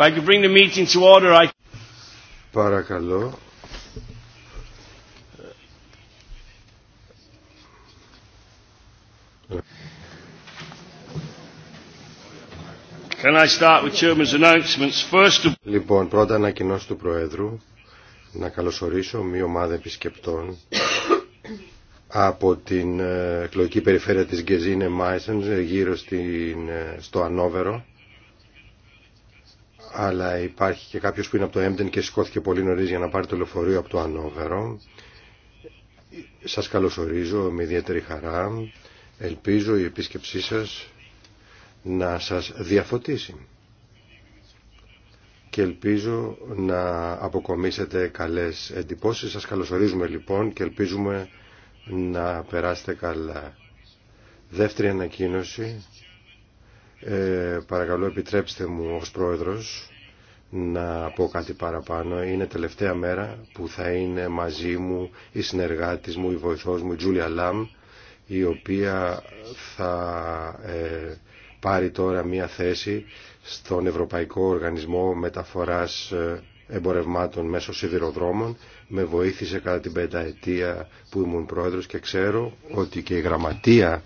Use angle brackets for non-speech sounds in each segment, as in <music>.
I bring the meeting to order, I... Παρακαλώ. Can I start with chairman's announcements first? Λοιπόν, πρώτα ανακοινώ του Προέδρου να καλωσορίσω μία ομάδα επισκεπτών από την ε, εκλογική περιφέρεια της Γκεζίνε Μάισεν γύρω στην, ε, στο Ανόβερο αλλά υπάρχει και κάποιος που είναι από το Έμπτεν και σηκώθηκε πολύ νωρίς για να πάρει το λεωφορείο από το Ανόβερο. Σας καλωσορίζω με ιδιαίτερη χαρά. Ελπίζω η επίσκεψή σας να σας διαφωτίσει και ελπίζω να αποκομίσετε καλές εντυπώσεις. Σας καλωσορίζουμε λοιπόν και ελπίζουμε να περάσετε καλά. Δεύτερη ανακοίνωση ε, παρακαλώ επιτρέψτε μου ως πρόεδρος να πω κάτι παραπάνω. Είναι τελευταία μέρα που θα είναι μαζί μου η συνεργάτης μου, η βοηθός μου, η Τζούλια Λαμ, η οποία θα ε, πάρει τώρα μία θέση στον Ευρωπαϊκό Οργανισμό Μεταφοράς ε, Εμπορευμάτων μέσω σιδηροδρόμων. Με βοήθησε κατά την πενταετία που ήμουν πρόεδρος και ξέρω ότι και η γραμματεία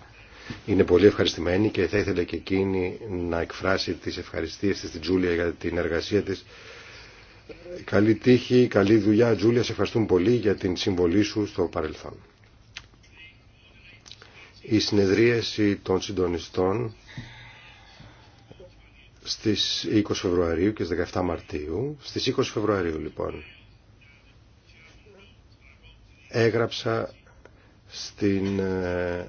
είναι πολύ ευχαριστημένη και θα ήθελε και εκείνη να εκφράσει τις ευχαριστίες της Τζούλια για την εργασία της. Καλή τύχη, καλή δουλειά Τζούλια, σε ευχαριστούμε πολύ για την συμβολή σου στο παρελθόν. Η συνεδρίαση των συντονιστών στις 20 Φεβρουαρίου και στις 17 Μαρτίου. Στις 20 Φεβρουαρίου λοιπόν έγραψα στην ε,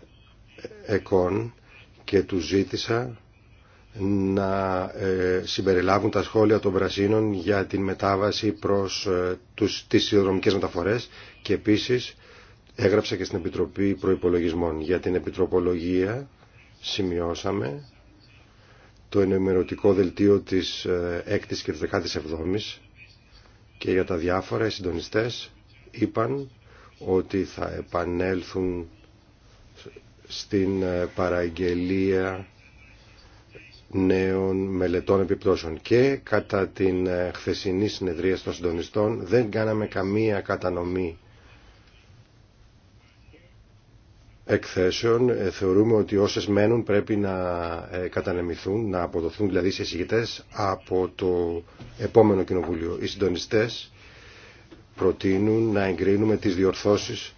και του ζήτησα να ε, συμπεριλάβουν τα σχόλια των Πρασίνων για την μετάβαση προς ε, τους, τις σιδηροδρομικές μεταφορές και επίσης έγραψα και στην Επιτροπή Προϋπολογισμών. Για την Επιτροπολογία σημειώσαμε το ενημερωτικό δελτίο της 6ης ε, και της 17ης και για τα διάφορα οι συντονιστές είπαν ότι θα επανέλθουν στην ε, παραγγελία νέων μελετών επιπτώσεων και κατά την ε, χθεσινή συνεδρία των συντονιστών δεν κάναμε καμία κατανομή εκθέσεων. Ε, θεωρούμε ότι όσες μένουν πρέπει να κατανεμηθούν, να αποδοθούν δηλαδή σε εισηγητές από το επόμενο κοινοβούλιο. Οι συντονιστές προτείνουν να εγκρίνουμε τις διορθώσεις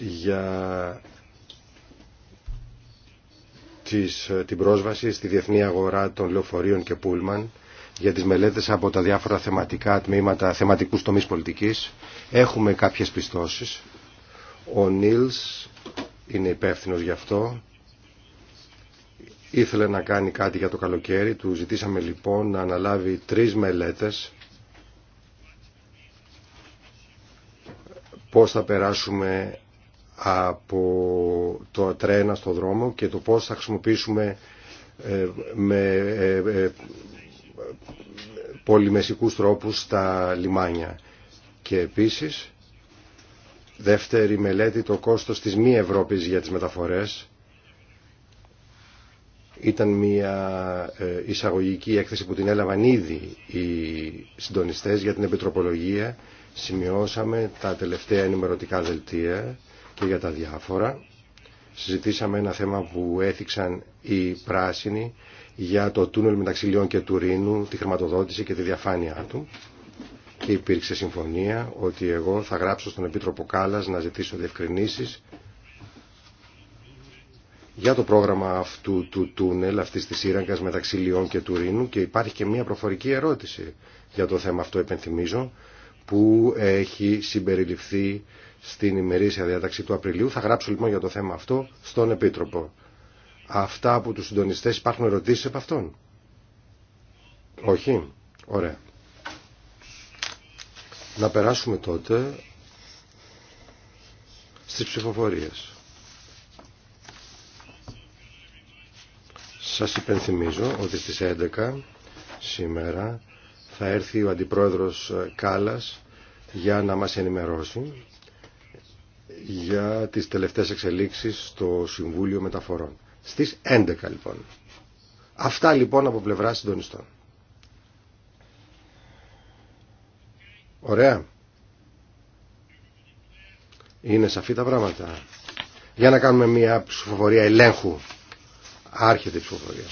για της ε, την πρόσβαση στη διεθνή αγορά των λεωφορείων και πούλμαν για τις μελέτες από τα διάφορα θεματικά τμήματα, θεματικούς τομείς πολιτικής. Έχουμε κάποιες πιστώσεις. Ο Νίλς είναι υπεύθυνο γι' αυτό. Ήθελε να κάνει κάτι για το καλοκαίρι. Του ζητήσαμε λοιπόν να αναλάβει τρεις μελέτες πώς θα περάσουμε από το τρένα στο δρόμο και το πώς θα χρησιμοποιήσουμε ε, με ε, ε, πολυμεσικούς τρόπους τα λιμάνια. Και επίσης, δεύτερη μελέτη, το κόστος της μη Ευρώπης για τις μεταφορές. Ήταν μια εισαγωγική έκθεση που την έλαβαν ήδη οι συντονιστές για την επιτροπολογία. Σημειώσαμε τα τελευταία ενημερωτικά δελτία και για τα διάφορα. Συζητήσαμε ένα θέμα που έθιξαν οι πράσινοι για το τούνελ μεταξύ Λιών και Τουρίνου, τη χρηματοδότηση και τη διαφάνειά του. Και υπήρξε συμφωνία ότι εγώ θα γράψω στον Επίτροπο Κάλλας να ζητήσω διευκρινήσεις για το πρόγραμμα αυτού του τούνελ, αυτή τη σύραγγα μεταξύ Λιών και Τουρίνου και υπάρχει και μια προφορική ερώτηση για το θέμα αυτό, επενθυμίζω, που έχει συμπεριληφθεί στην ημερήσια διάταξη του Απριλίου. Θα γράψω λοιπόν για το θέμα αυτό στον Επίτροπο. Αυτά από τους συντονιστές υπάρχουν ερωτήσεις από αυτόν. Όχι. Ωραία. Να περάσουμε τότε στις ψηφοφορίες. Σας υπενθυμίζω ότι στις 11 σήμερα θα έρθει ο Αντιπρόεδρος Κάλας για να μας ενημερώσει για τις τελευταίες εξελίξεις στο Συμβούλιο Μεταφορών. Στις 11 λοιπόν. Αυτά λοιπόν από πλευρά συντονιστών. Ωραία. Είναι σαφή τα πράγματα. Για να κάνουμε μια ψηφοφορία ελέγχου. Άρχεται η ψηφοφορία.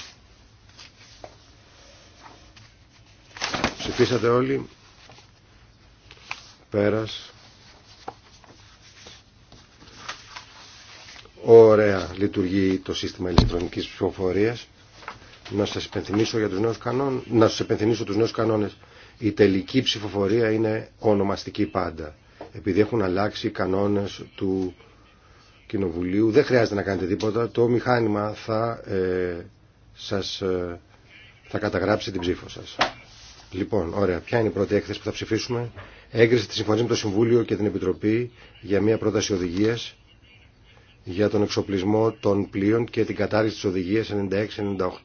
Ψηφίσατε όλοι. Πέρας. Ωραία λειτουργεί το σύστημα ηλεκτρονικής ψηφοφορίας. Να σας υπενθυμίσω για τους νέους κανόνες, να σας υπενθυμίσω τους νέους κανόνες. Η τελική ψηφοφορία είναι ονομαστική πάντα. Επειδή έχουν αλλάξει οι κανόνες του Κοινοβουλίου, δεν χρειάζεται να κάνετε τίποτα. Το μηχάνημα θα, ε, σας, ε, θα καταγράψει την ψήφο σας. Λοιπόν, ωραία. Ποια είναι η πρώτη έκθεση που θα ψηφίσουμε. Έγκριση τη συμφωνία με το Συμβούλιο και την Επιτροπή για μια πρόταση οδηγίας για τον εξοπλισμό των πλοίων και την κατάρριση της οδηγίας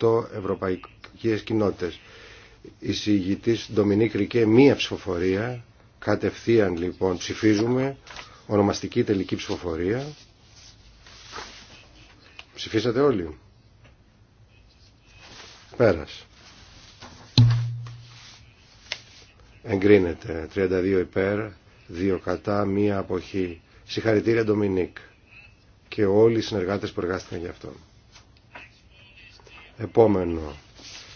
96-98 Ευρωπαϊκές Κοινότητες. Η συγητής Ντομινίκ Ρικέ μία ψηφοφορία, κατευθείαν λοιπόν ψηφίζουμε, ονομαστική τελική ψηφοφορία. Ψηφίσατε όλοι. Πέρας. Εγκρίνεται. 32 υπέρ, 2 κατά, μία αποχή. Συγχαρητήρια Ντομινίκ και όλοι οι συνεργάτες που εργάστηκαν για αυτό. Επόμενο,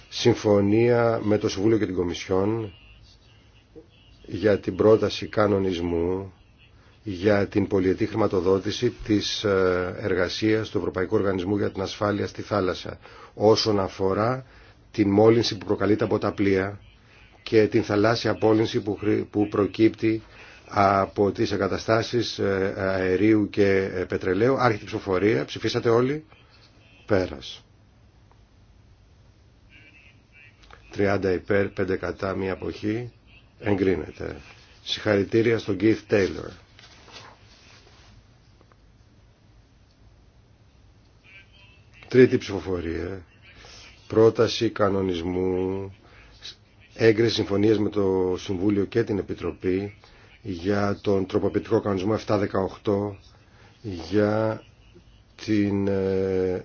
συμφωνία με το Συμβούλιο και την Κομισιόν για την πρόταση κανονισμού για την πολιετή χρηματοδότηση της ε, εργασίας του Ευρωπαϊκού Οργανισμού για την Ασφάλεια στη Θάλασσα όσον αφορά την μόλυνση που προκαλείται από τα πλοία και την θαλάσσια απόλυνση που προκύπτει από τις εγκαταστάσεις ε, αερίου και ε, πετρελαίου. Άρχιτη ψηφοφορία. Ψηφίσατε όλοι. Πέρας. 30 υπέρ, 5 κατά, μία αποχή. Εγκρίνεται. Συγχαρητήρια στον Keith Taylor. Τρίτη ψηφοφορία. Πρόταση κανονισμού. Έγκριση συμφωνίας με το Συμβούλιο και την Επιτροπή για τον τροποποιητικό κανονισμό 718 για την ε, ε,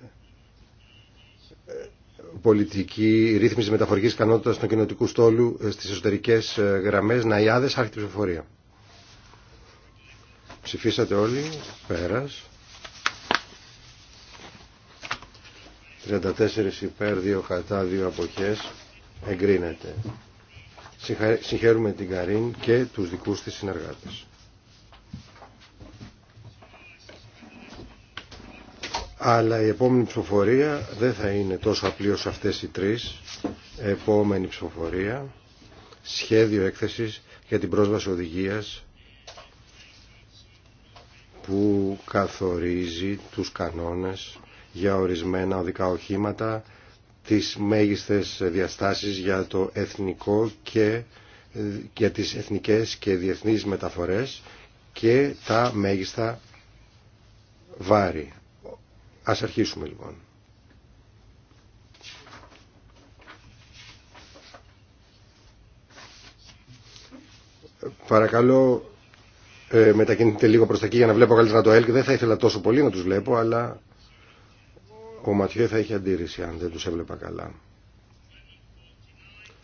πολιτική ρύθμιση μεταφορικής ικανότητας των κοινοτικού στόλου ε, στις εσωτερικές γραμμές Ναϊάδες άρχιτη ψηφοφορία. Ψηφίσατε όλοι. Πέρας. 34 υπέρ, 2 κατά, 2 αποχές. Εγκρίνεται. Συγχαίρουμε την Καρίν και τους δικούς της συνεργάτες. Αλλά η επόμενη ψηφοφορία δεν θα είναι τόσο απλή ως αυτές οι τρεις. Επόμενη ψηφοφορία, σχέδιο έκθεσης για την πρόσβαση οδηγίας που καθορίζει τους κανόνες για ορισμένα οδικά οχήματα τις μέγιστες διαστάσεις για το εθνικό και για τις εθνικές και διεθνείς μεταφορές και τα μέγιστα βάρη. Ας αρχίσουμε λοιπόν. Παρακαλώ ε, μετακινηθείτε λίγο προς τα εκεί για να βλέπω καλύτερα το ΕΛΚ. Δεν θα ήθελα τόσο πολύ να τους βλέπω, αλλά ο Ματιέ θα είχε αντίρρηση αν δεν του έβλεπα καλά.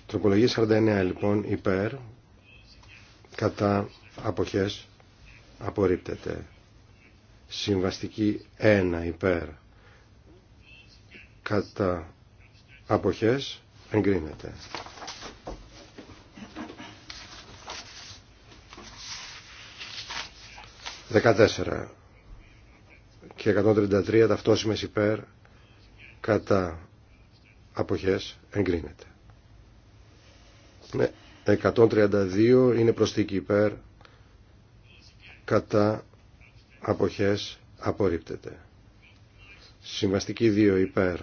Τροπολογία 49 λοιπόν υπέρ κατά αποχές απορρίπτεται. Συμβαστική 1 υπέρ κατά αποχές εγκρίνεται. Δεκατέσσερα και 133 ταυτόσιμες υπέρ κατά αποχές εγκρίνεται. Ναι, 132 είναι προστίκη υπέρ κατά αποχές απορρίπτεται. Συμβαστική 2 υπέρ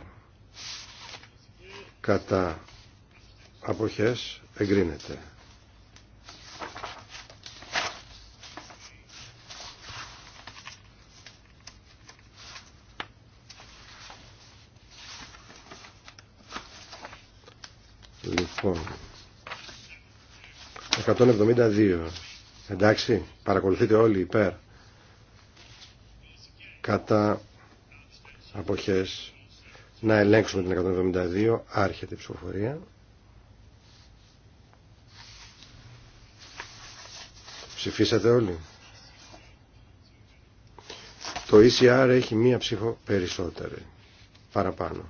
κατά αποχές εγκρίνεται. Λοιπόν, 172. Εντάξει, παρακολουθείτε όλοι υπέρ. Κατά αποχές να ελέγξουμε την 172. Άρχεται η ψηφοφορία. Ψηφίσατε όλοι. Το ECR έχει μία ψήφο περισσότερη. Παραπάνω.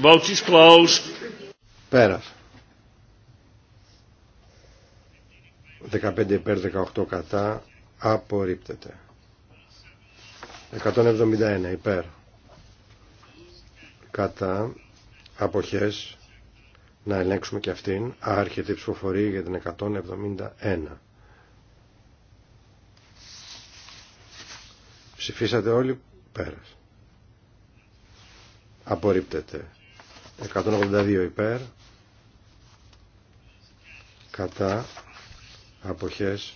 Vote is closed. Πέρασε. 15 υπέρ 18 κατά απορρίπτεται. 171 υπέρ κατά αποχές να ελέγξουμε και αυτήν άρχεται η ψηφοφορία για την 171. Ψηφίσατε όλοι πέρας απορρίπτεται 182 υπέρ κατά αποχές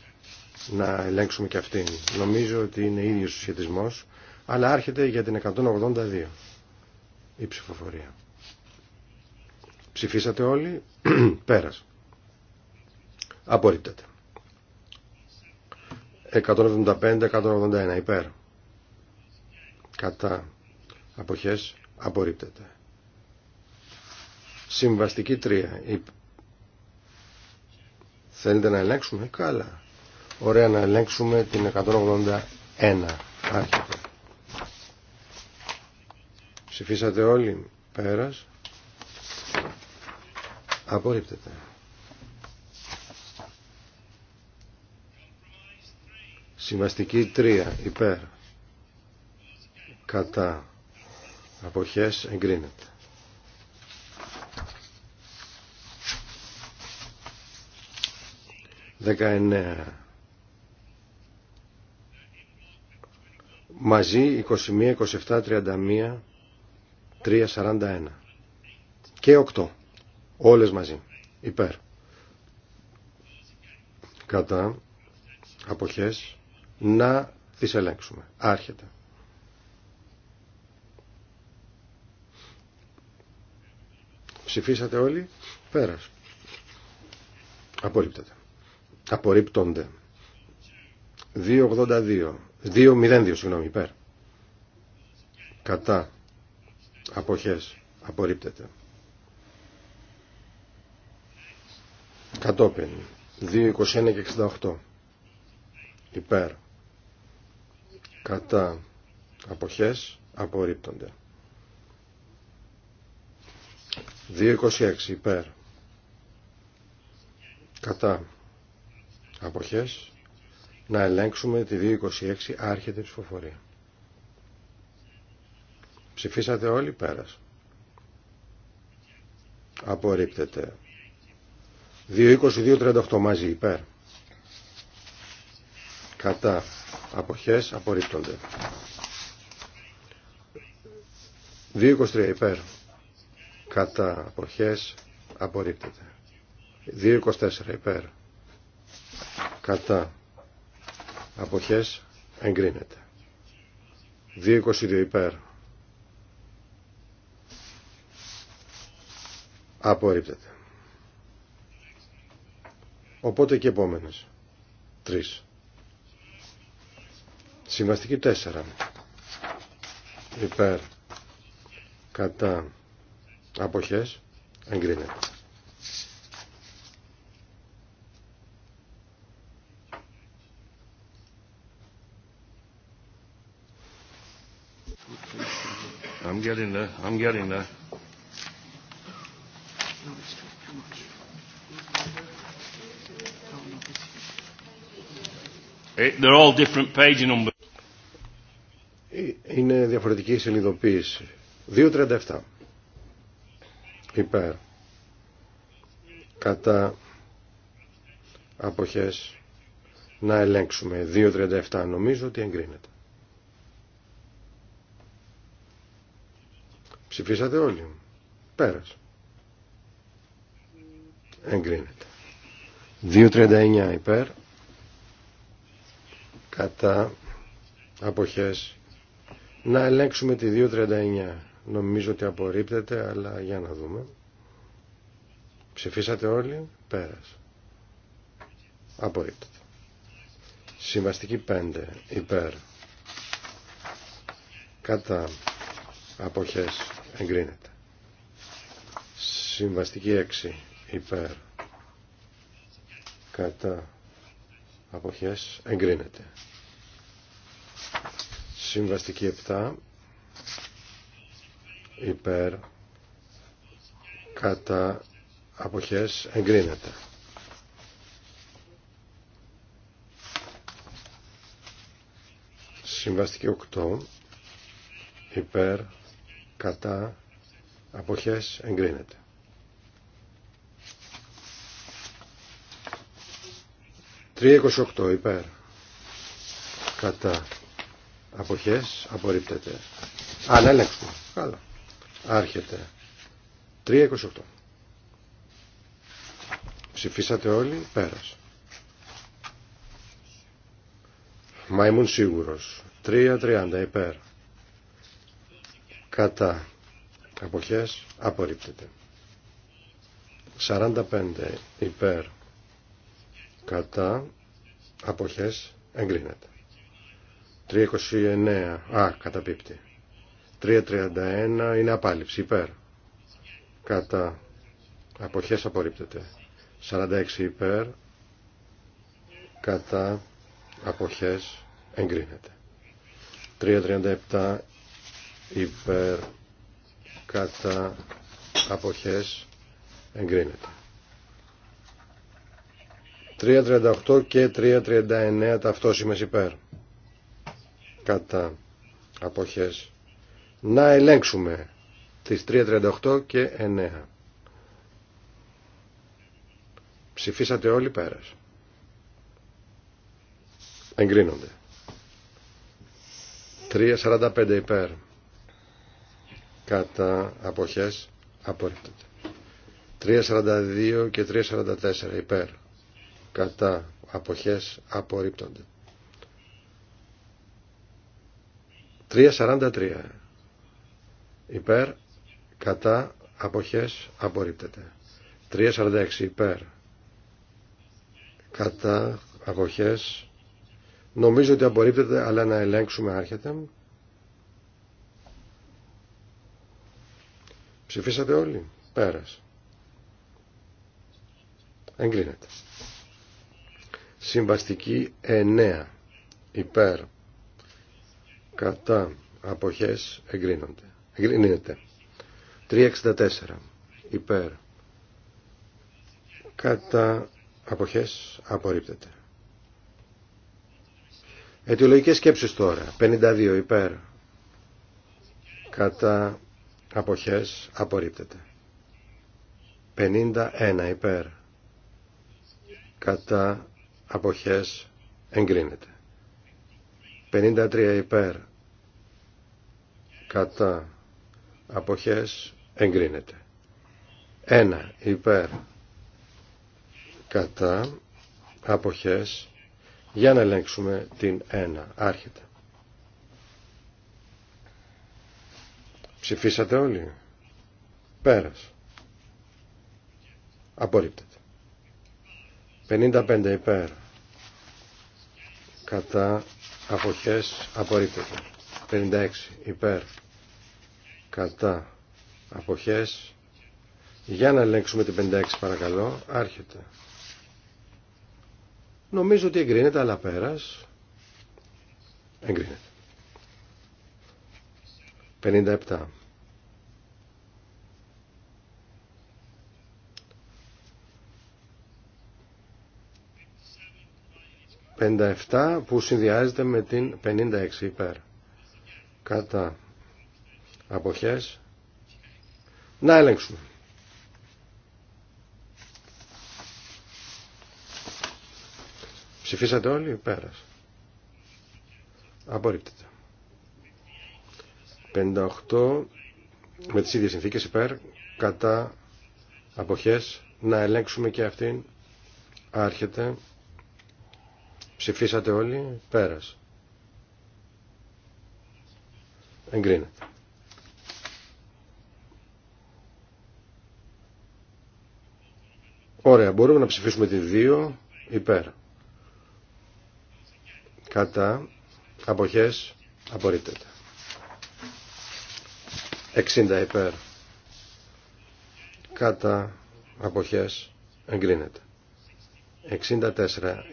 να ελέγξουμε και αυτήν νομίζω ότι είναι ίδιος ο σχετισμός αλλά άρχεται για την 182 η ψηφοφορία ψηφίσατε όλοι <clears throat> πέρας απορρίπτεται 175-181 υπέρ κατά αποχές Απορρίπτεται. Συμβαστική 3. Θέλετε να ελέγξουμε. Καλά. Ωραία να ελέγξουμε την 181. Άρχεται. Ψηφίσατε όλοι. Πέρας. Απορρίπτεται. Συμβαστική 3. Υπέρ. Κατά αποχές εγκρίνεται. Δεκαεννέα. Μαζί 21, 27, 31, 3, 41 και 8. Όλες μαζί. Υπέρ. Κατά αποχές να τις ελέγξουμε. Άρχεται. Ψηφίσατε όλοι. Πέρας. Απορρίπτεται. Απορρίπτονται. 282. 202 συγγνώμη υπέρ. Κατά. Αποχές. Απορρίπτεται. Κατόπιν. 221 και 68. Υπέρ. Κατά. Αποχές. Απορρίπτονται. 2.26 υπέρ κατά αποχές να ελέγξουμε τη 2.26 άρχεται η ψηφοφορία. Ψηφίσατε όλοι πέρας. Απορρίπτεται. 2.22.38 μαζί υπέρ. Κατά αποχές απορρίπτονται. 2.23 υπέρ κατά αποχές απορρίπτεται 2.24 υπέρ κατά αποχές εγκρίνεται 2.22 υπέρ απορρίπτεται οπότε και επόμενες τρεις συμβαστική τέσσερα υπέρ κατά Αποχές. Εγκρίνεται. I'm getting there. I'm getting there. They're all different page numbers. Είναι διαφορετική συνειδητοποίηση. 2.37 υπέρ κατά αποχές να ελέγξουμε 2.37 νομίζω ότι εγκρίνεται ψηφίσατε όλοι πέρας εγκρίνεται 2.39 υπέρ κατά αποχές να ελέγξουμε τη 2.39 Νομίζω ότι απορρίπτεται, αλλά για να δούμε. Ψηφίσατε όλοι, πέρας. Απορρίπτεται. Συμβαστική 5, υπέρ. Κατά αποχές εγκρίνεται. Συμβαστική 6, υπέρ. Κατά αποχές εγκρίνεται. Συμβαστική 7, υπέρ κατά αποχές εγκρίνεται. Συμβαστική 8 υπέρ κατά αποχές εγκρίνεται. Τρία υπέρ κατά αποχές απορρίπτεται. Αν Καλά. Άρχεται. 3.28. Ψηφίσατε όλοι. Πέρας. Μα ήμουν σίγουρος. 3.30 υπέρ. Κατά. Αποχές. Απορρίπτεται. 45 υπέρ. Κατά. Αποχές. Εγκρίνεται. 3.29. Α, καταπίπτει. 3.31 είναι απάλληψη υπέρ. Κατά αποχές απορρίπτεται. 46 υπέρ. Κατά αποχές εγκρίνεται. 3.37 υπέρ. Κατά αποχές εγκρίνεται. 3.38 και 3.39 ταυτόσημες υπέρ. Κατά αποχές να ελέγξουμε τις 3.38 και 9. Ψηφίσατε όλοι πέρας. Εγκρίνονται. 3.45 υπέρ. Κατά αποχές απορρίπτεται. 3.42 και 3.44 υπέρ. Κατά αποχές απορρίπτονται. 3.43 υπέρ κατά αποχές απορρίπτεται 346 υπέρ κατά αποχές νομίζω ότι απορρίπτεται αλλά να ελέγξουμε άρχεται ψηφίσατε όλοι πέρας εγκρίνεται συμβαστική 9 υπέρ κατά αποχές εγκρίνονται Εγκρίνεται. 364 υπέρ κατά αποχές απορρίπτεται. Αιτιολογικές σκέψεις τώρα. 52 υπέρ κατά αποχές απορρίπτεται. 51 υπέρ κατά αποχές εγκρίνεται. 53 υπέρ κατά αποχές εγκρίνεται. 1 υπέρ κατά αποχές για να ελέγξουμε την 1. Άρχεται. Ψηφίσατε όλοι. Πέρας. Απορρίπτεται. 55 υπέρ. Κατά αποχές απορρίπτεται. 56 υπέρ κατά αποχές για να ελέγξουμε την 56 παρακαλώ άρχεται νομίζω ότι εγκρίνεται αλλά πέρας εγκρίνεται 57 57 που συνδυάζεται με την 56 υπέρ κατά αποχές να ελέγξουμε. Ψηφίσατε όλοι, πέρας. Απορρίπτεται. 58 με τις ίδιες συνθήκες υπέρ κατά αποχές να ελέγξουμε και αυτήν άρχεται ψηφίσατε όλοι πέρας εγκρίνεται Ωραία, μπορούμε να ψηφίσουμε τη 2 υπέρ. Κατά αποχές απορρίπτεται. 60 υπέρ. Κατά αποχές εγκρίνεται. 64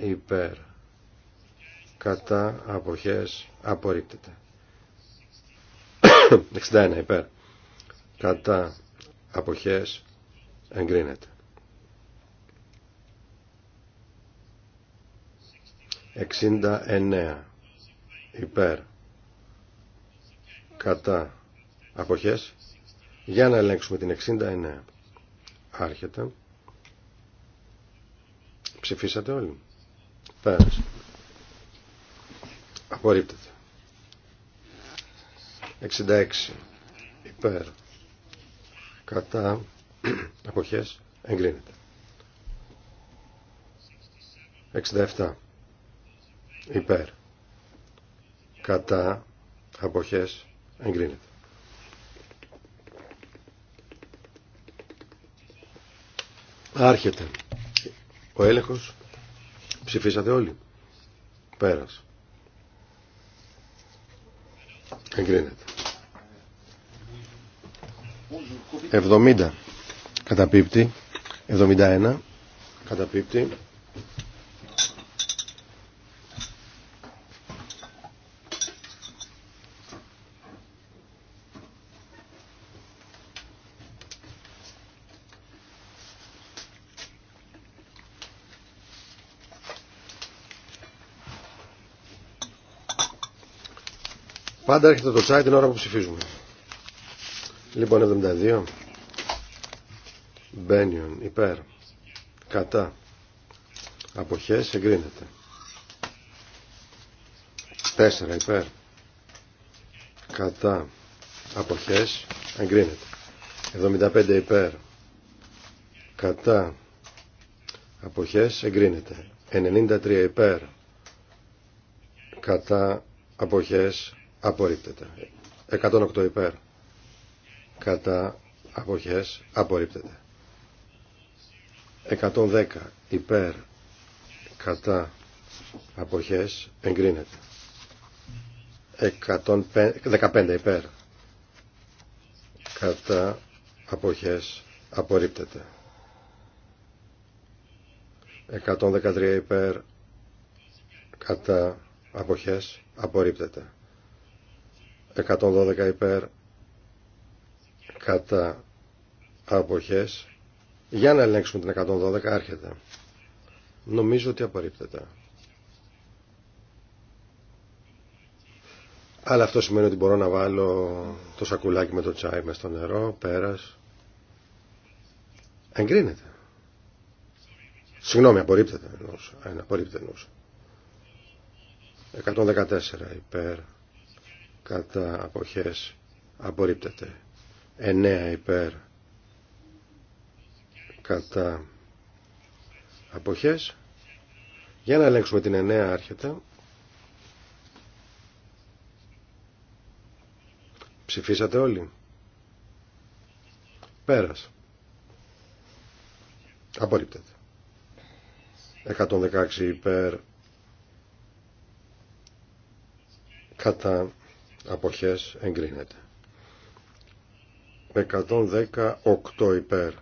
υπέρ. Κατά αποχές απορρίπτεται. 61 υπέρ. Κατά αποχές εγκρίνεται. 69 υπέρ κατά αποχές για να ελέγξουμε την 69 άρχεται ψηφίσατε όλοι πέρασε απορρίπτεται 66 υπέρ κατά αποχές εγκρίνεται 67 υπέρ κατά αποχές εγκρίνεται. 'Άρχεται ο έλεγχος. Ψηφίσατε όλοι. Πέρας. Εγκρίνεται. 70 καταπίπτει. 71 καταπίπτει. Πάντα έρχεται το τσάι την ώρα που ψηφίζουμε. Λοιπόν, 72. Μπένιον, υπέρ. Κατά. Αποχές, εγκρίνεται. 4 υπέρ. Κατά. Αποχές, εγκρίνεται. 75 υπέρ. Κατά. Αποχές, εγκρίνεται. 93 υπέρ. Κατά. Αποχές, απορρίπτεται. 108 υπέρ κατά αποχές απορρίπτεται. 110 υπέρ κατά αποχές εγκρίνεται. 115 υπέρ κατά αποχές απορρίπτεται. 113 υπέρ κατά αποχές απορρίπτεται. 112 υπέρ κατά αποχές για να ελέγξουμε την 112 άρχεται νομίζω ότι απορρίπτεται αλλά αυτό σημαίνει ότι μπορώ να βάλω το σακουλάκι με το τσάι με στο νερό πέρας εγκρίνεται συγγνώμη απορρίπτεται εννοούσα, απορρίπτεται εννοούσα. 114 υπέρ κατά αποχές απορρίπτεται 9 υπέρ κατά αποχές για να ελέγξουμε την 9 άρχεται ψηφίσατε όλοι πέρας απορρίπτεται 116 υπέρ κατά αποχές εγκρίνεται 118 υπέρ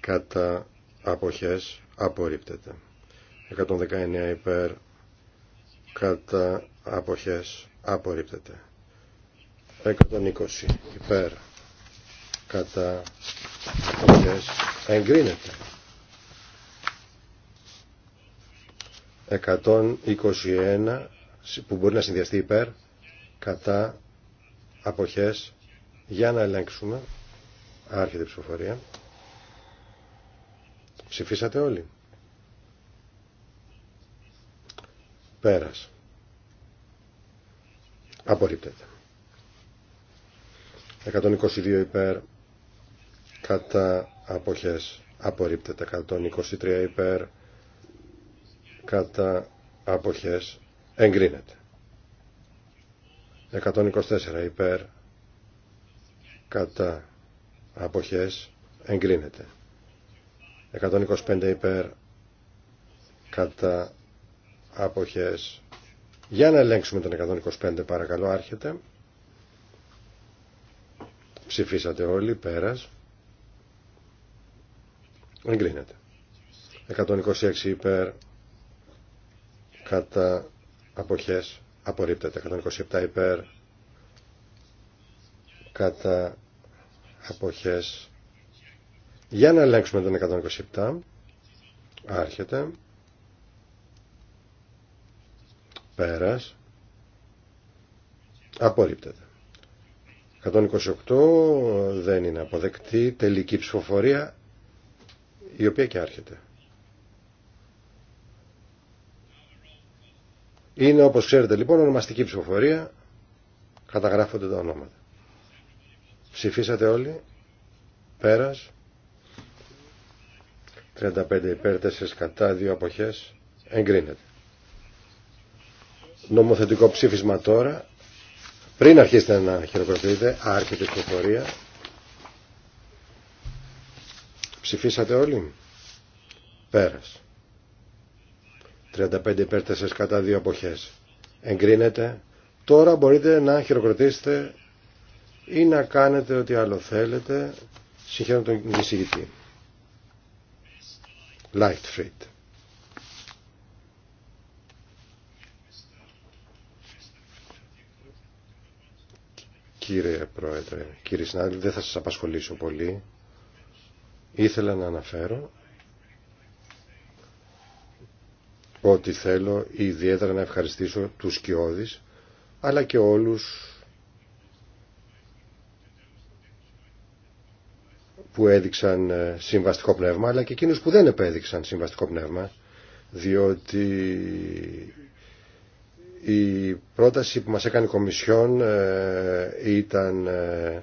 κατά αποχές απορρίπτεται 119 υπέρ κατά αποχές απορρίπτεται 120 υπέρ κατά αποχές εγκρίνεται 121 που μπορεί να συνδυαστεί υπέρ, κατά, αποχές, για να ελέγξουμε, άρχεται ψηφοφορία. Ψηφίσατε όλοι. Πέρας. Απορρίπτεται. 122 υπέρ, κατά, αποχές, απορρίπτεται. 123 υπέρ, κατά, αποχές, εγκρίνεται 124 υπέρ κατά αποχές εγκρίνεται 125 υπέρ κατά αποχές για να ελέγξουμε τον 125 παρακαλώ άρχεται ψηφίσατε όλοι πέρας εγκρίνεται 126 υπέρ κατά αποχές απορρίπτεται 127 υπέρ κατά αποχές για να ελέγξουμε τον 127 άρχεται πέρας απορρίπτεται 128 δεν είναι αποδεκτή τελική ψηφοφορία η οποία και άρχεται Είναι όπως ξέρετε λοιπόν ονομαστική ψηφοφορία. Καταγράφονται τα ονόματα. Ψηφίσατε όλοι. Πέρας. 35 υπέρ, 4 κατά, 2 αποχές. Εγκρίνεται. Νομοθετικό ψήφισμα τώρα. Πριν αρχίσετε να χειροκροτείτε, άρχεται η ψηφοφορία. Ψηφίσατε όλοι. Πέρας. 35 υπέρ 4 κατά δύο εποχές. Εγκρίνεται. Τώρα μπορείτε να χειροκροτήσετε ή να κάνετε ό,τι άλλο θέλετε. Συγχαίρω τον εισηγητή. Lightfried. Κύριε Πρόεδρε, Κύριε συνάδελφοι, δεν θα σας απασχολήσω πολύ. Ήθελα να αναφέρω ότι θέλω ιδιαίτερα να ευχαριστήσω τους Σκιώδης αλλά και όλους που έδειξαν ε, συμβαστικό πνεύμα αλλά και εκείνους που δεν επέδειξαν συμβαστικό πνεύμα διότι η πρόταση που μας έκανε η Κομισιόν ε, ήταν ε,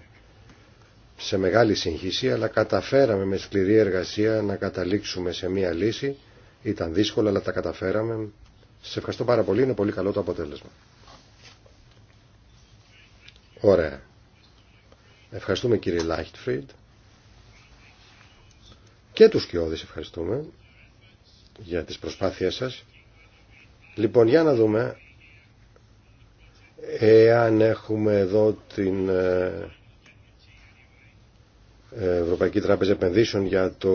σε μεγάλη συγχύση αλλά καταφέραμε με σκληρή εργασία να καταλήξουμε σε μία λύση ήταν δύσκολο, αλλά τα καταφέραμε. Σε ευχαριστώ πάρα πολύ. Είναι πολύ καλό το αποτέλεσμα. Ωραία. Ευχαριστούμε κύριε Λάιχτφριντ. Και τους κοιόδης ευχαριστούμε για τις προσπάθειές σας. Λοιπόν, για να δούμε εάν έχουμε εδώ την ε, Ευρωπαϊκή Τράπεζα Επενδύσεων για το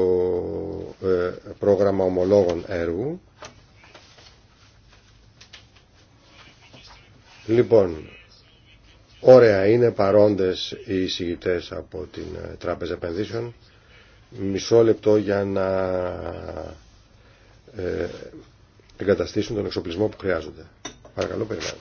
ε, πρόγραμμα ομολόγων έργου. Λοιπόν, ωραία είναι παρόντες οι εισηγητές από την ε, Τράπεζα Επενδύσεων. Μισό λεπτό για να ε, εγκαταστήσουν τον εξοπλισμό που χρειάζονται. Παρακαλώ, περιμένετε.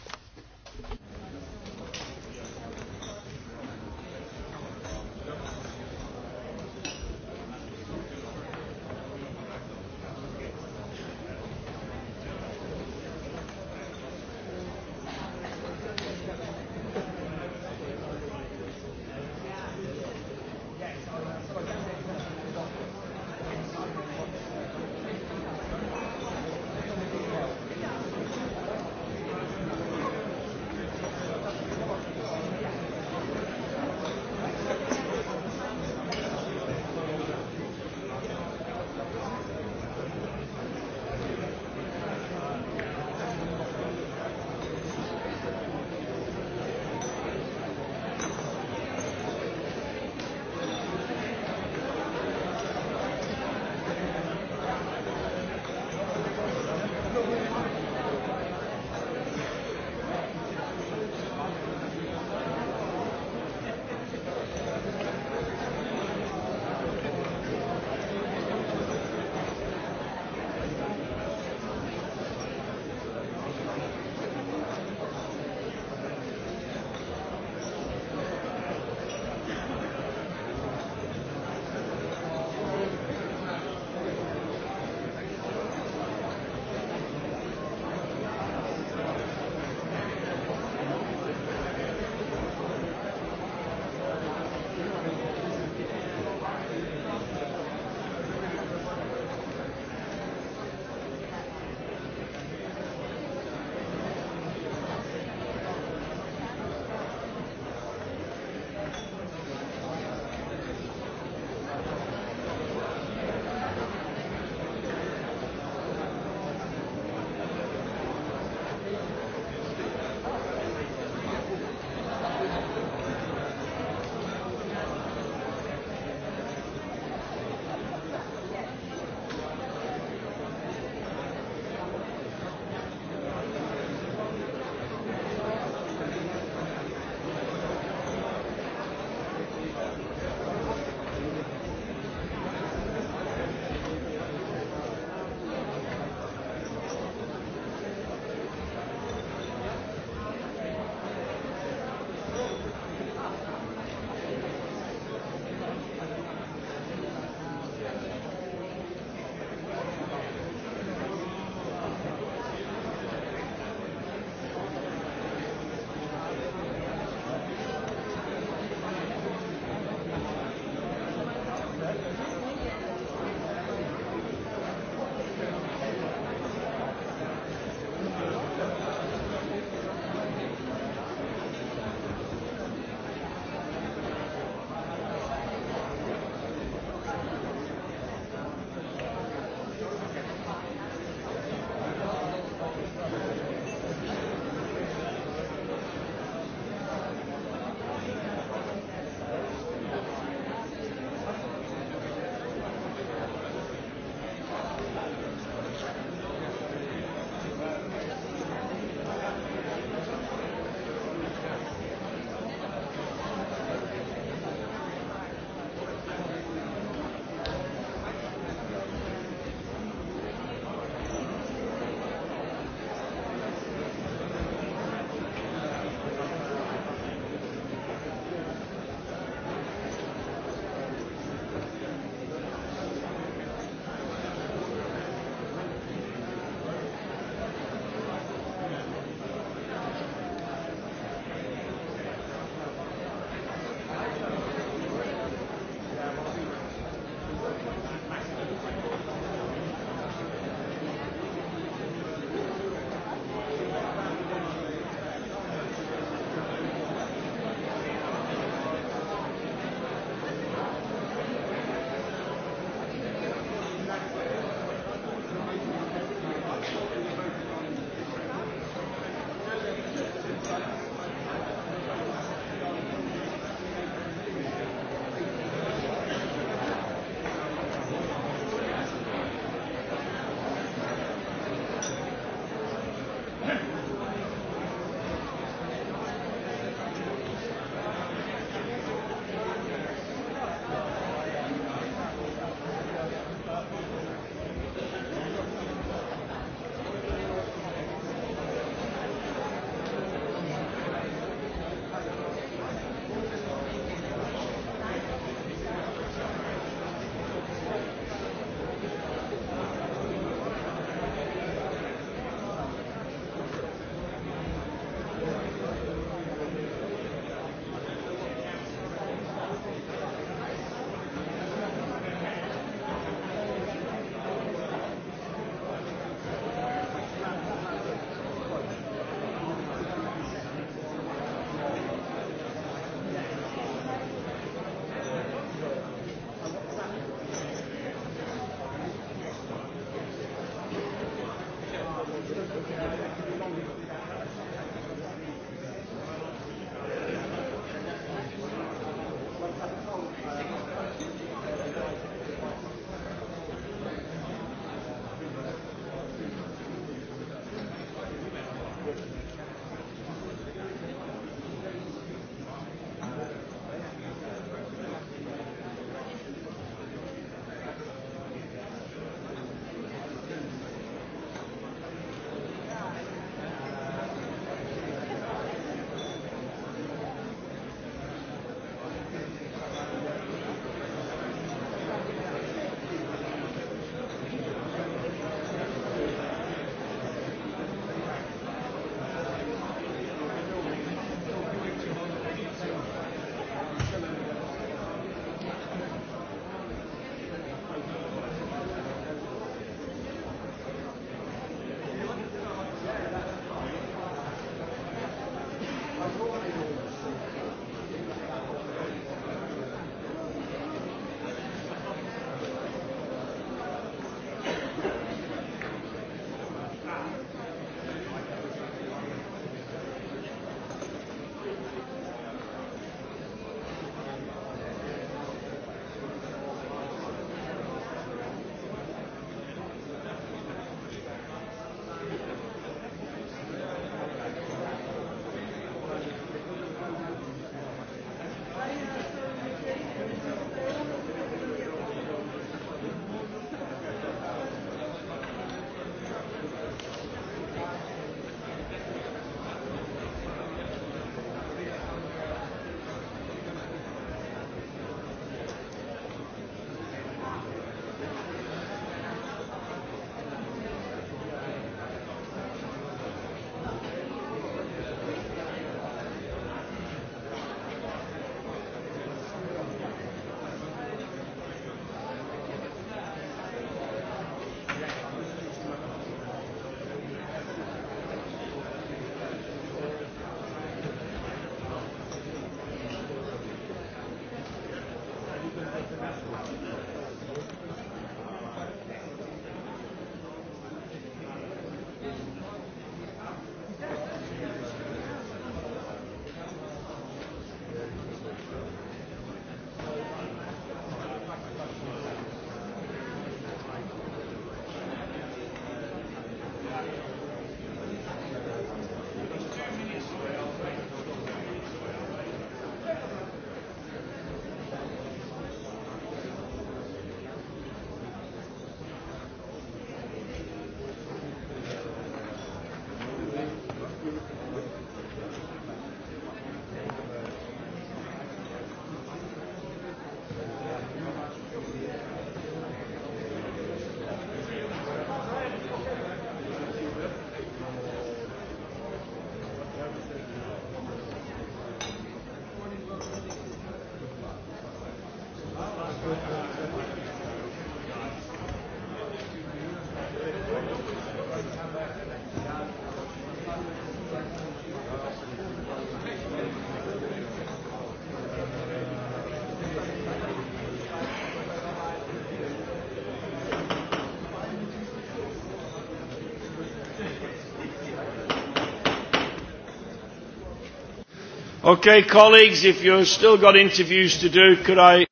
Okay, colleagues, if still got interviews to do, could I...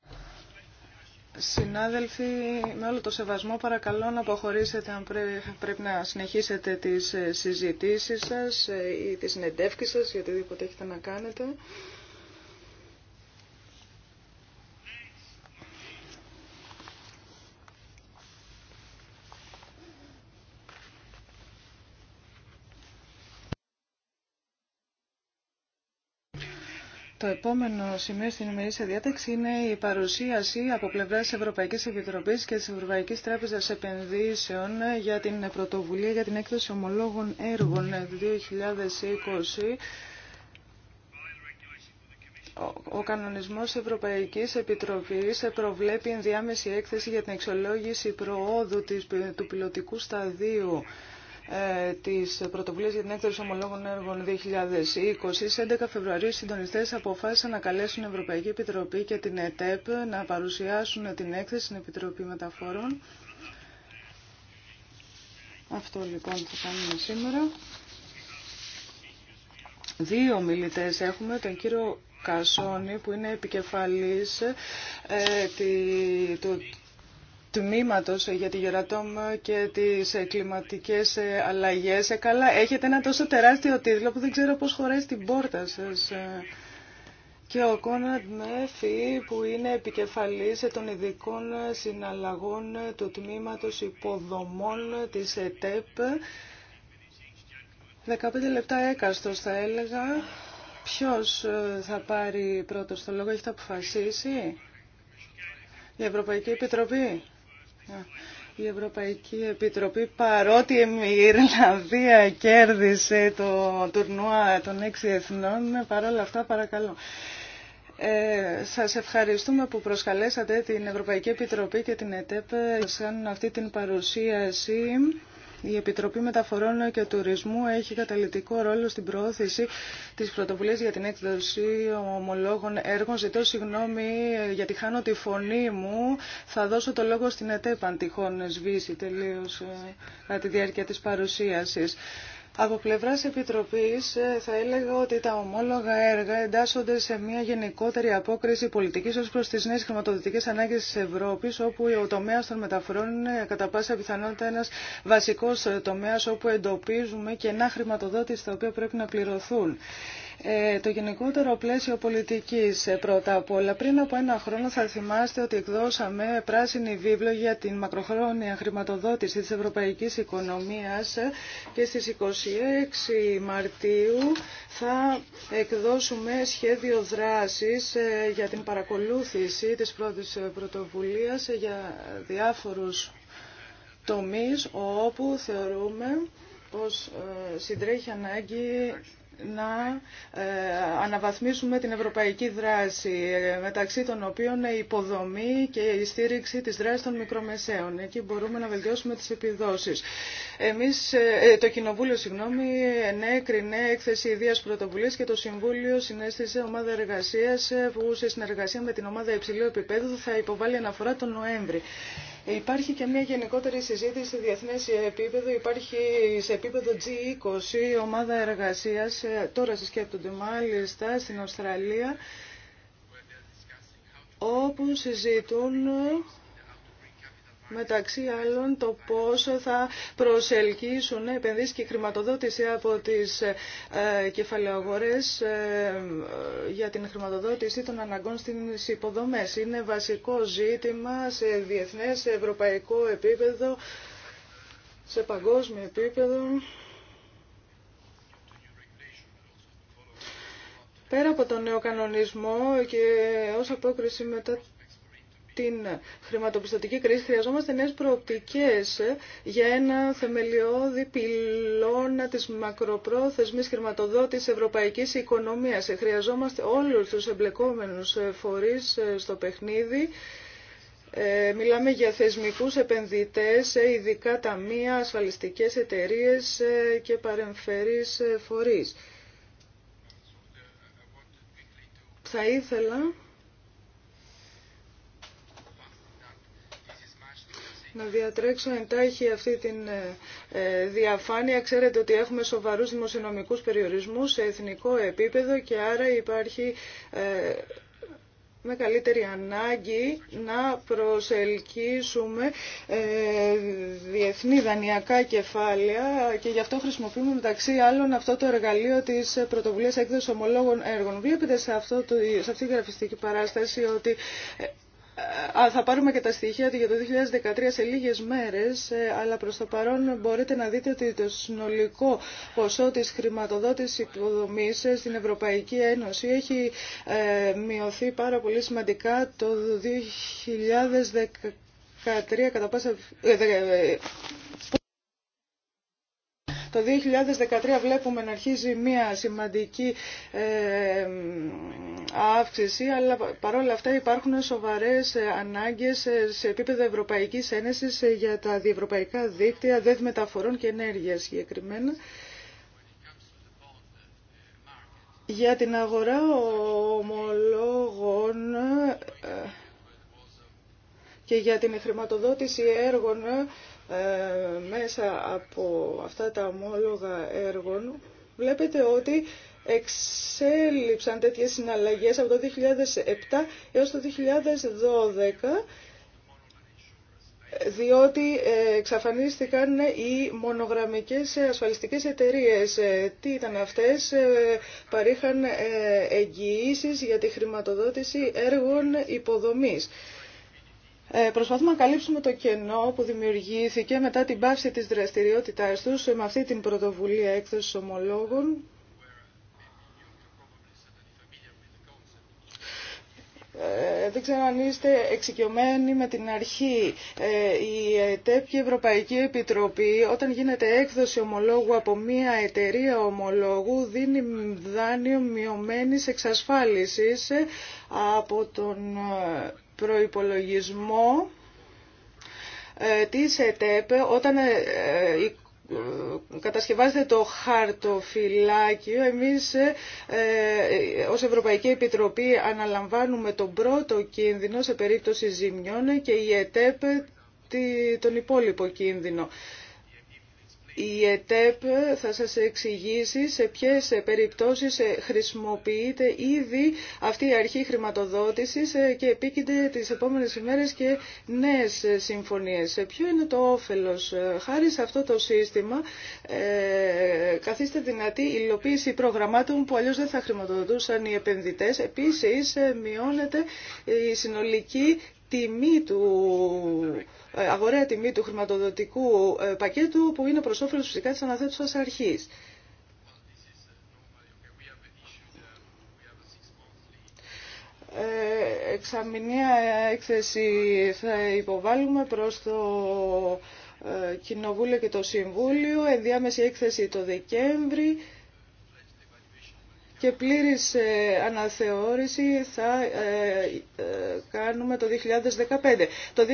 Συνάδελφοι, με όλο το σεβασμό παρακαλώ να αποχωρήσετε αν πρέπει να συνεχίσετε τις ε, συζητήσεις σας ε, ή τις συνεντεύξεις σας γιατί οτιδήποτε έχετε να κάνετε. Το επόμενο σημείο στην ημερήσια διάταξη είναι η παρουσίαση από πλευρά τη Ευρωπαϊκή Επιτροπή και τη Ευρωπαϊκή Τράπεζα Επενδύσεων για την πρωτοβουλία για την έκθεση ομολόγων έργων 2020 ο κανονισμός Ευρωπαϊκής Επιτροπής προβλέπει ενδιάμεση έκθεση για την εξολόγηση προόδου του πιλωτικού σταδίου ε, της Πρωτοβουλίας για την Έκθεση Ομολόγων Έργων 2020, στις 11 Φεβρουαρίου οι συντονιστές αποφάσισαν να καλέσουν την Ευρωπαϊκή Επιτροπή και την ΕΤΕΠ να παρουσιάσουν την έκθεση στην Επιτροπή Μεταφορών. Αυτό λοιπόν θα κάνουμε σήμερα. Δύο μιλητές έχουμε, τον κύριο Κασόνη που είναι επικεφαλής ε, του τμήματος για τη Γερατόμ και τις ε, κλιματικές ε, αλλαγές. Ε, καλά, έχετε ένα τόσο τεράστιο τίτλο που δεν ξέρω πώς χωράει την πόρτα σας. Και ο Κόναντ Μέφη που είναι επικεφαλής των ειδικών συναλλαγών του τμήματος υποδομών της ΕΤΕΠ. 15 λεπτά έκαστος θα έλεγα. Ποιος θα πάρει πρώτος το λόγο, έχετε αποφασίσει. Η Ευρωπαϊκή Επιτροπή η Ευρωπαϊκή Επιτροπή παρότι η Ιρλανδία κέρδισε το τουρνουά των έξι εθνών, ναι, παρόλα αυτά παρακαλώ. Ε, σας ευχαριστούμε που προσκαλέσατε την Ευρωπαϊκή Επιτροπή και την ΕΤΕΠ σαν αυτή την παρουσίαση. Η Επιτροπή Μεταφορών και Τουρισμού έχει καταλητικό ρόλο στην προώθηση τη πρωτοβουλίας για την έκδοση ομολόγων έργων. Ζητώ συγγνώμη ε, γιατί χάνω τη φωνή μου. Θα δώσω το λόγο στην ΕΤΕΠ αν τυχόν σβήσει τελείως ε, τη διάρκεια της παρουσίασης. Από πλευράς Επιτροπής ε, θα έλεγα ότι τα ομόλογα έργα εντάσσονται σε μια γενικότερη απόκριση πολιτικής ως προς τις νέες χρηματοδοτικές ανάγκες της Ευρώπης, όπου ο τομέας των μεταφορών είναι κατά πάσα πιθανότητα ένας βασικός ε, τομέας όπου εντοπίζουμε κενά χρηματοδότηση τα οποία πρέπει να πληρωθούν. Ε, το γενικότερο πλαίσιο πολιτικής ε, πρώτα απ' όλα. Πριν από ένα χρόνο θα θυμάστε ότι εκδώσαμε πράσινη βίβλο για την μακροχρόνια χρηματοδότηση της ευρωπαϊκής οικονομίας και στις 26 Μαρτίου θα εκδώσουμε σχέδιο δράσης ε, για την παρακολούθηση της πρώτης πρωτοβουλίας για διάφορους τομείς όπου θεωρούμε πως συντρέχει ανάγκη να ε, αναβαθμίσουμε την ευρωπαϊκή δράση, ε, μεταξύ των οποίων η υποδομή και η στήριξη της δράσης των μικρομεσαίων. Εκεί μπορούμε να βελτιώσουμε τις επιδόσεις. Εμείς, ε, το Κοινοβούλιο συγγνώμη, ενέκρινε έκθεση ιδίας πρωτοβουλίας και το Συμβούλιο συνέστησε ομάδα εργασίας που σε συνεργασία με την ομάδα υψηλού επίπεδου θα υποβάλει αναφορά τον Νοέμβρη. Υπάρχει και μια γενικότερη συζήτηση σε διεθνέ επίπεδο. Υπάρχει σε επίπεδο G20 ομάδα εργασίας. Ε, τώρα συσκέπτονται μάλιστα στην Αυστραλία όπου συζητούν μεταξύ άλλων το πόσο θα προσελκύσουν επενδύσεις και χρηματοδότηση από τις ε, κεφαλαιογορές ε, για την χρηματοδότηση των αναγκών στις υποδομές. Είναι βασικό ζήτημα σε διεθνές, σε ευρωπαϊκό επίπεδο, σε παγκόσμιο επίπεδο. Πέρα από τον νέο κανονισμό και ως απόκριση μετά την χρηματοπιστωτική κρίση χρειαζόμαστε νέες προοπτικές για ένα θεμελιώδη πυλώνα της μακροπρόθεσμης χρηματοδότησης ευρωπαϊκής οικονομίας. Χρειαζόμαστε όλους τους εμπλεκόμενους φορείς στο παιχνίδι. Ε, μιλάμε για θεσμικούς επενδυτές, ε, ειδικά ταμεία, ασφαλιστικές εταιρείες ε, και παρεμφερείς φορείς. Θα ήθελα να διατρέξω εντάχει αυτή την ε, ε, διαφάνεια. Ξέρετε ότι έχουμε σοβαρούς δημοσιονομικούς περιορισμούς σε εθνικό επίπεδο και άρα υπάρχει ε, με καλύτερη ανάγκη να προσελκύσουμε διεθνή δανειακά κεφάλαια και γι' αυτό χρησιμοποιούμε μεταξύ άλλων αυτό το εργαλείο της πρωτοβουλίας έκδοσης ομολόγων έργων. Βλέπετε σε, αυτό το, σε αυτή τη γραφιστική παράσταση ότι θα πάρουμε και τα στοιχεία για το 2013 σε λίγες μέρες, ε, αλλά προς το παρόν μπορείτε να δείτε ότι το συνολικό ποσό της χρηματοδότησης υποδομής ε, στην Ευρωπαϊκή Ένωση έχει ε, μειωθεί πάρα πολύ σημαντικά το 2013 κατά πάσα... Το 2013 βλέπουμε να αρχίζει μια σημαντική ε, αύξηση, αλλά παρόλα αυτά υπάρχουν σοβαρές ανάγκες ε, σε επίπεδο Ευρωπαϊκής Ένωσης ε, για τα διευρωπαϊκά δίκτυα ΔΕΔ μεταφορών και ενέργειας συγκεκριμένα. Για την αγορά ομολόγων και για την χρηματοδότηση έργων ε, μέσα από αυτά τα ομόλογα έργων, βλέπετε ότι εξέλιψαν τέτοιες συναλλαγές από το 2007 έως το 2012 διότι ε, εξαφανίστηκαν οι μονογραμμικές ασφαλιστικές εταιρείες. Ε, τι ήταν αυτές, παρήχαν εγγυήσεις για τη χρηματοδότηση έργων υποδομής. Ε, προσπαθούμε να καλύψουμε το κενό που δημιουργήθηκε μετά την πάυση της δραστηριότητάς τους με αυτή την πρωτοβουλία έκδοσης ομολόγων. Ε, δεν ξέρω αν είστε εξοικειωμένοι με την αρχή. Ε, η ΕΤΕΠ Ευρωπαϊκή Επιτροπή όταν γίνεται έκδοση ομολόγου από μια εταιρεία ομολόγου δίνει δάνειο μειωμένης εξασφάλισης ε, από τον προϋπολογισμό ε, της ΕΤΕΠ όταν ε, ε, κατασκευάζεται το χαρτοφυλάκιο. Εμείς ε, ως Ευρωπαϊκή Επιτροπή αναλαμβάνουμε τον πρώτο κίνδυνο σε περίπτωση ζημιών και η ΕΤΕΠ τον υπόλοιπο κίνδυνο. Η ΕΤΕΠ θα σας εξηγήσει σε ποιες περιπτώσεις χρησιμοποιείται ήδη αυτή η αρχή χρηματοδότησης και επίκυνται τις επόμενες ημέρες και νέες συμφωνίες. Ποιο είναι το όφελος. Χάρη σε αυτό το σύστημα ε, καθίστε δυνατή η υλοποίηση προγραμμάτων που αλλιώς δεν θα χρηματοδοτούσαν οι επενδυτές. Επίσης ε, μειώνεται η συνολική τιμή του, ε, αγοραία τιμή του χρηματοδοτικού ε, πακέτου που είναι προς όφελος φυσικά της αναθέτουσας αρχής. Ε, εξαμηνία έκθεση θα υποβάλουμε προς το Κοινοβούλιο και το Συμβούλιο, ενδιάμεση έκθεση το Δεκέμβρη και πλήρης ε, αναθεώρηση θα ε, ε, κάνουμε το 2015. Το 2016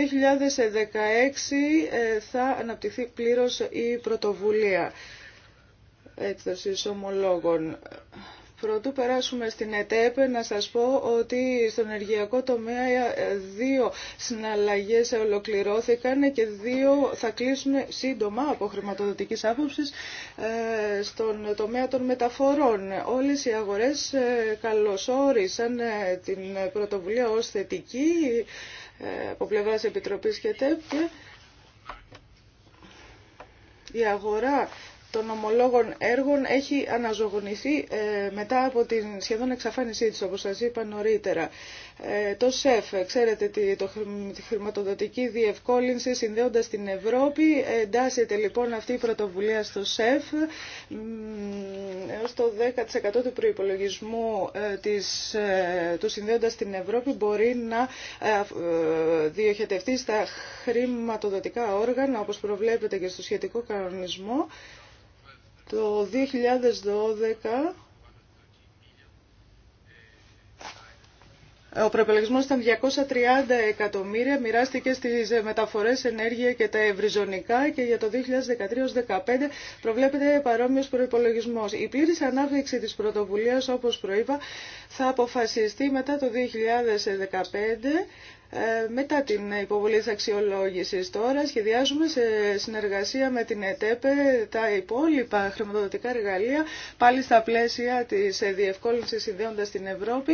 θα αναπτυχθεί πλήρως η πρωτοβουλία έτσι, ομολόγων. Προτού περάσουμε στην ΕΤΕΠ, να σας πω ότι στον ενεργειακό τομέα ε, δύο συναλλαγές ολοκληρώθηκαν και δύο θα κλείσουν σύντομα από χρηματοδοτική άποψης ε, στον τομέα των μεταφορών. Όλες οι αγορές ε, καλωσόρισαν την πρωτοβουλία ως θετική από πλευράς Επιτροπής και ΤΕΠ, η αγορά των ομολόγων έργων έχει αναζωογονηθεί ε, μετά από την σχεδόν εξαφάνισή της, όπως σας είπα νωρίτερα. Ε, το ΣΕΦ, ξέρετε, το, τη χρηματοδοτική διευκόλυνση συνδέοντας την Ευρώπη, ε, εντάσσεται λοιπόν αυτή η πρωτοβουλία στο ΣΕΦ έως το 10% του προϋπολογισμού της, του συνδέοντας την Ευρώπη μπορεί να διοχετευτεί στα χρηματοδοτικά όργανα, όπως προβλέπεται και στο σχετικό κανονισμό, το 2012 Ο προϋπολογισμός ήταν 230 εκατομμύρια, μοιράστηκε στι μεταφορέ, ενέργεια και τα ευρυζωνικά και για το 2013-2015 προβλέπεται παρόμοιο προπολογισμό. Η πλήρη ανάπτυξη τη πρωτοβουλία, όπω προείπα, θα αποφασιστεί μετά το 2015 ε, μετά την υποβολή της αξιολόγησης τώρα σχεδιάζουμε σε συνεργασία με την ΕΤΕΠΕ τα υπόλοιπα χρηματοδοτικά εργαλεία πάλι στα πλαίσια της διευκόλυνσης συνδέοντας την Ευρώπη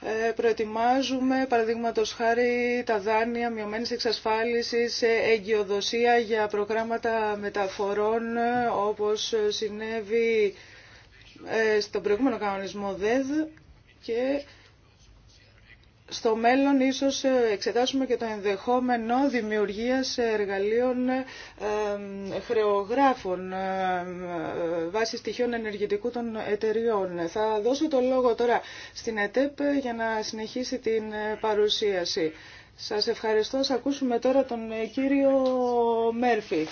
ε, προετοιμάζουμε παραδείγματο χάρη τα δάνεια μειωμένη εξασφάλιση, εγκυοδοσία για προγράμματα μεταφορών όπως συνέβη ε, στον προηγούμενο κανονισμό ΔΕΔ και στο μέλλον ίσως ε, εξετάσουμε και το ενδεχόμενο δημιουργίας εργαλείων ε, ε, χρεογράφων βάσει στοιχείων ενεργητικού των εταιριών. Θα δώσω το λόγο τώρα στην ΕΤΕΠ για να συνεχίσει την παρουσίαση. Σας ευχαριστώ. Σας ακούσουμε τώρα τον κύριο Μέρφη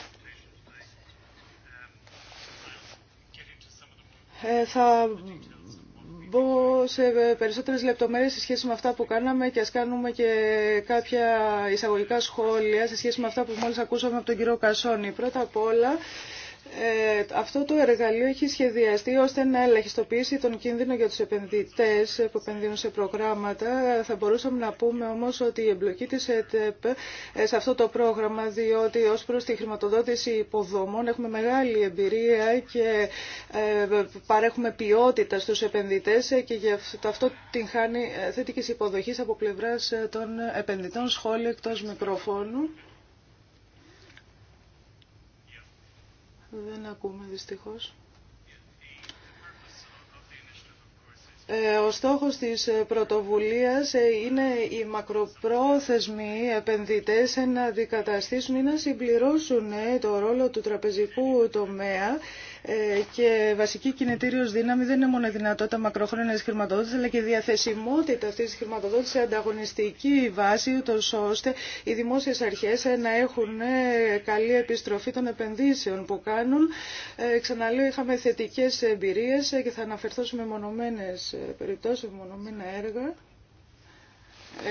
μπω σε περισσότερες λεπτομέρειες σε σχέση με αυτά που κάναμε και ας κάνουμε και κάποια εισαγωγικά σχόλια σε σχέση με αυτά που μόλις ακούσαμε από τον κύριο Κασόνη. Πρώτα απ' όλα ε, αυτό το εργαλείο έχει σχεδιαστεί ώστε να ελαχιστοποιήσει τον κίνδυνο για τους επενδυτές που επενδύουν σε προγράμματα. Θα μπορούσαμε να πούμε όμως ότι η εμπλοκή της ΕΤΕΠ ε, σε αυτό το πρόγραμμα, διότι ως προς τη χρηματοδότηση υποδομών έχουμε μεγάλη εμπειρία και ε, παρέχουμε ποιότητα στους επενδυτές και γι' αυτό την χάνει θετικής υποδοχής από πλευράς των επενδυτών σχόλιο εκτός μικροφώνου. Δεν ακούμε δυστυχώς. Ε, ο στόχος της πρωτοβουλίας ε, είναι οι μακροπρόθεσμοι επενδυτές να αντικαταστήσουν ή να συμπληρώσουν ε, το ρόλο του τραπεζικού τομέα ε, και βασική κινητήριο δύναμη δεν είναι μόνο η δυνατότητα μακροχρόνιας χρηματοδότηση αλλά και η διαθεσιμότητα αυτής της χρηματοδότησης σε ανταγωνιστική βάση ούτως ώστε οι δημόσιες αρχές να έχουν ε, καλή επιστροφή των επενδύσεων που κάνουν. Ε, ξαναλέω είχαμε θετικές εμπειρίες και θα αναφερθώ σε περιπτώσει, περιπτώσεις, μεμονωμένα έργα.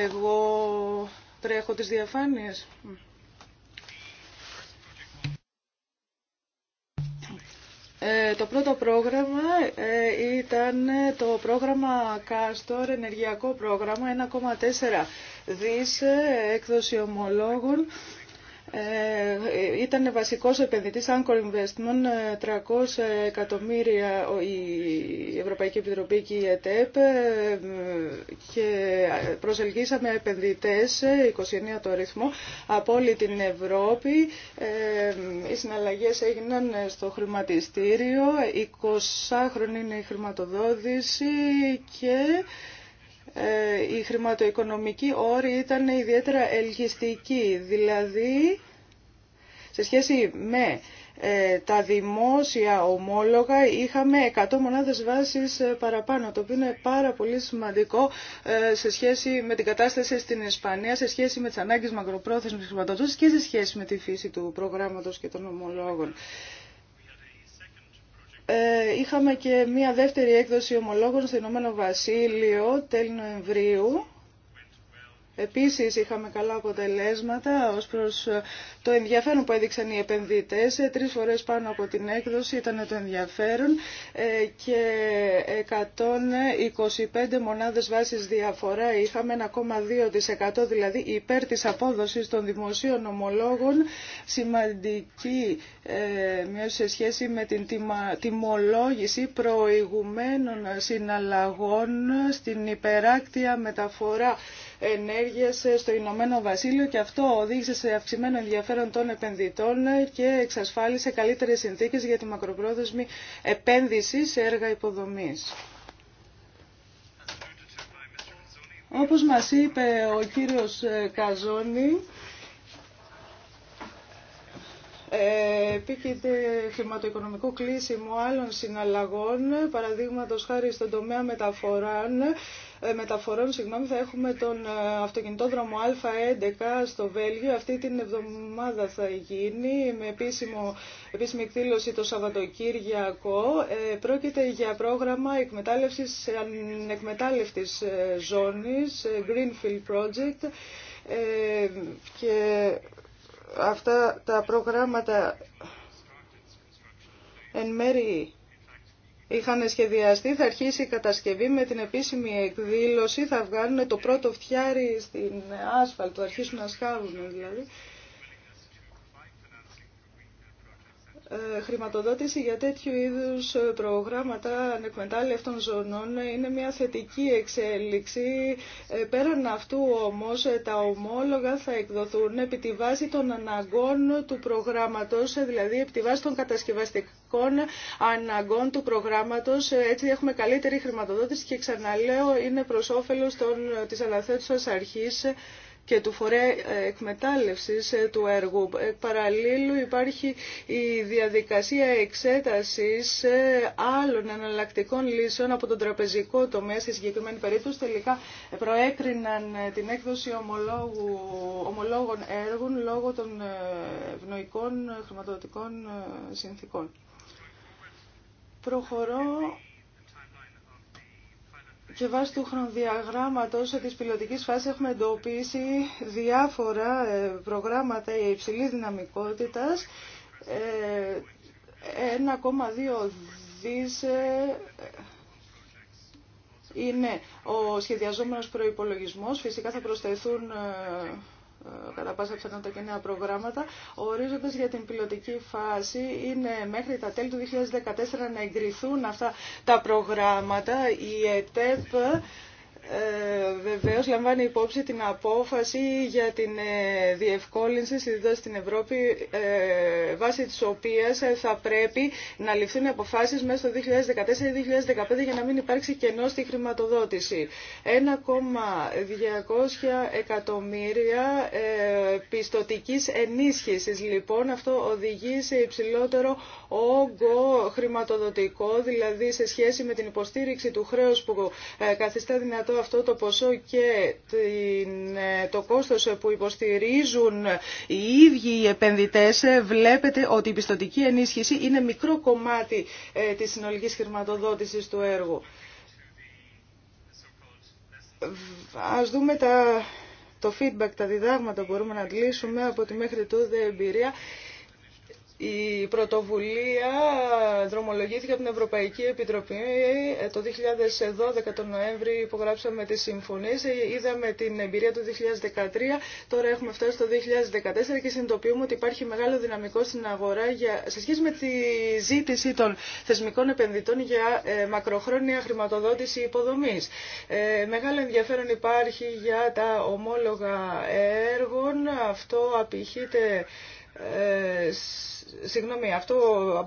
Εγώ τρέχω τις διαφάνειες. Ε, το πρώτο πρόγραμμα ε, ήταν το πρόγραμμα Κάστορ, ενεργειακό πρόγραμμα, 1,4 δις ε, έκδοση ομολόγων ε, ήταν βασικός επενδυτής Anchor Investment, 300 ε, εκατομμύρια η Ευρωπαϊκή Επιτροπή και η ΕΤΕΠ ε, και προσελκύσαμε επενδυτές, 29 το ρυθμό από όλη την Ευρώπη. Οι συναλλαγές έγιναν στο χρηματιστήριο, 20 χρόνια είναι η χρηματοδότηση και η χρηματοοικονομική όρη ήταν ιδιαίτερα ελκυστική, δηλαδή σε σχέση με ε, τα δημόσια ομόλογα είχαμε 100 μονάδες βάσης ε, παραπάνω, το οποίο είναι πάρα πολύ σημαντικό ε, σε σχέση με την κατάσταση στην Ισπανία, σε σχέση με τις ανάγκες μακροπρόθεσμης χρηματοδότησης και σε σχέση με τη φύση του προγράμματος και των ομολόγων. Είχαμε και μία δεύτερη έκδοση ομολόγων στο Ηνωμένο Βασίλειο τέλη Νοεμβρίου Επίσης είχαμε καλά αποτελέσματα ως προς το ενδιαφέρον που έδειξαν οι επενδυτές. Τρεις φορές πάνω από την έκδοση ήταν το ενδιαφέρον ε, και 125 μονάδες βάσης διαφορά είχαμε 1,2% δηλαδή υπέρ της απόδοσης των δημοσίων ομολόγων σημαντική ε, μείωση σε σχέση με την τιμολόγηση προηγουμένων συναλλαγών στην υπεράκτια μεταφορά Ενέργεια στο Ηνωμένο Βασίλειο και αυτό οδήγησε σε αυξημένο ενδιαφέρον των επενδυτών και εξασφάλισε καλύτερες συνθήκες για τη μακροπρόθεσμη επένδυση σε έργα υποδομής. Όπως μας είπε ο κύριος Καζόνη, ε, επίκειται χρηματοοικονομικό κλείσιμο άλλων συναλλαγών, παραδείγματος χάρη στον τομέα μεταφορών, ε, μεταφορών συγγνώμη, θα έχουμε τον ε, αυτοκινητόδρομο Α11 στο Βέλγιο. Αυτή την εβδομάδα θα γίνει με επίσημο, επίσημη εκδήλωση το Σαββατοκύριακο. Ε, πρόκειται για πρόγραμμα εκμετάλλευσης ανεκμετάλλευτης ζώνης, Greenfield Project, και αυτά τα προγράμματα εν μέρη είχαν σχεδιαστεί, θα αρχίσει η κατασκευή με την επίσημη εκδήλωση, θα βγάλουν το πρώτο φτιάρι στην άσφαλτο, αρχίσουν να σκάβουν δηλαδή. Ε, χρηματοδότηση για τέτοιου είδους ε, προγράμματα ανεκμετάλλευτων ζωνών είναι μια θετική εξέλιξη. Ε, πέραν αυτού όμως τα ομόλογα θα εκδοθούν επί τη βάση των αναγκών του προγράμματος, δηλαδή επί τη βάση των κατασκευαστικών αναγκών του προγράμματος. Έτσι έχουμε καλύτερη χρηματοδότηση και ξαναλέω είναι προς όφελος των, της αναθέτουσας αρχής και του φορέ ε, εκμετάλλευσης ε, του έργου. Ε, παραλλήλου υπάρχει η διαδικασία εξέτασης άλλων εναλλακτικών λύσεων από τον τραπεζικό τομέα στη συγκεκριμένη περίπτωση. Τελικά προέκριναν την έκδοση ομολόγου, ομολόγων έργων λόγω των ευνοϊκών χρηματοδοτικών συνθήκων. Προχωρώ και βάσει του χρονοδιαγράμματος της πιλωτικής φάσης έχουμε εντοπίσει διάφορα ε, προγράμματα υψηλής δυναμικότητας, 1,2 ε, δις ε, είναι ο σχεδιαζόμενος προϋπολογισμός. Φυσικά θα προσθεθούν κατά πάσα πιθανότητα και νέα προγράμματα. Ο ορίζοντας για την πιλωτική φάση είναι μέχρι τα τέλη του 2014 να εγκριθούν αυτά τα προγράμματα. Η ΕΤΕΠ ε, βεβαίως λαμβάνει υπόψη την απόφαση για την ε, διευκόλυνση διδάση στην Ευρώπη ε, βάσει της οποίας θα πρέπει να ληφθούν αποφάσεις μέσα στο 2014-2015 για να μην υπάρξει κενό στη χρηματοδότηση. 1,200 εκατομμύρια ε, πιστοτικής ενίσχυσης λοιπόν αυτό οδηγεί σε υψηλότερο όγκο χρηματοδοτικό δηλαδή σε σχέση με την υποστήριξη του χρέους που ε, καθιστά δυνατό αυτό το ποσό και ε, το κόστος που υποστηρίζουν οι ίδιοι οι επενδυτές ε, βλέπετε ότι η πιστοτική ενίσχυση είναι μικρό κομμάτι ε, της συνολικής χρηματοδότησης του έργου. Ας δούμε τα, το feedback, τα διδάγματα που μπορούμε να αντλήσουμε από τη μέχρι τούδε εμπειρία η πρωτοβουλία δρομολογήθηκε από την Ευρωπαϊκή Επιτροπή ε, το 2012 τον Νοέμβρη υπογράψαμε τις συμφωνίες, ε, είδαμε την εμπειρία του 2013, τώρα έχουμε φτάσει στο 2014 και συνειδητοποιούμε ότι υπάρχει μεγάλο δυναμικό στην αγορά για, σε σχέση με τη ζήτηση των θεσμικών επενδυτών για ε, μακροχρόνια χρηματοδότηση υποδομής. μεγάλο ενδιαφέρον υπάρχει για τα ομόλογα έργων, αυτό απηχείται ε, συγγνώμη, αυτό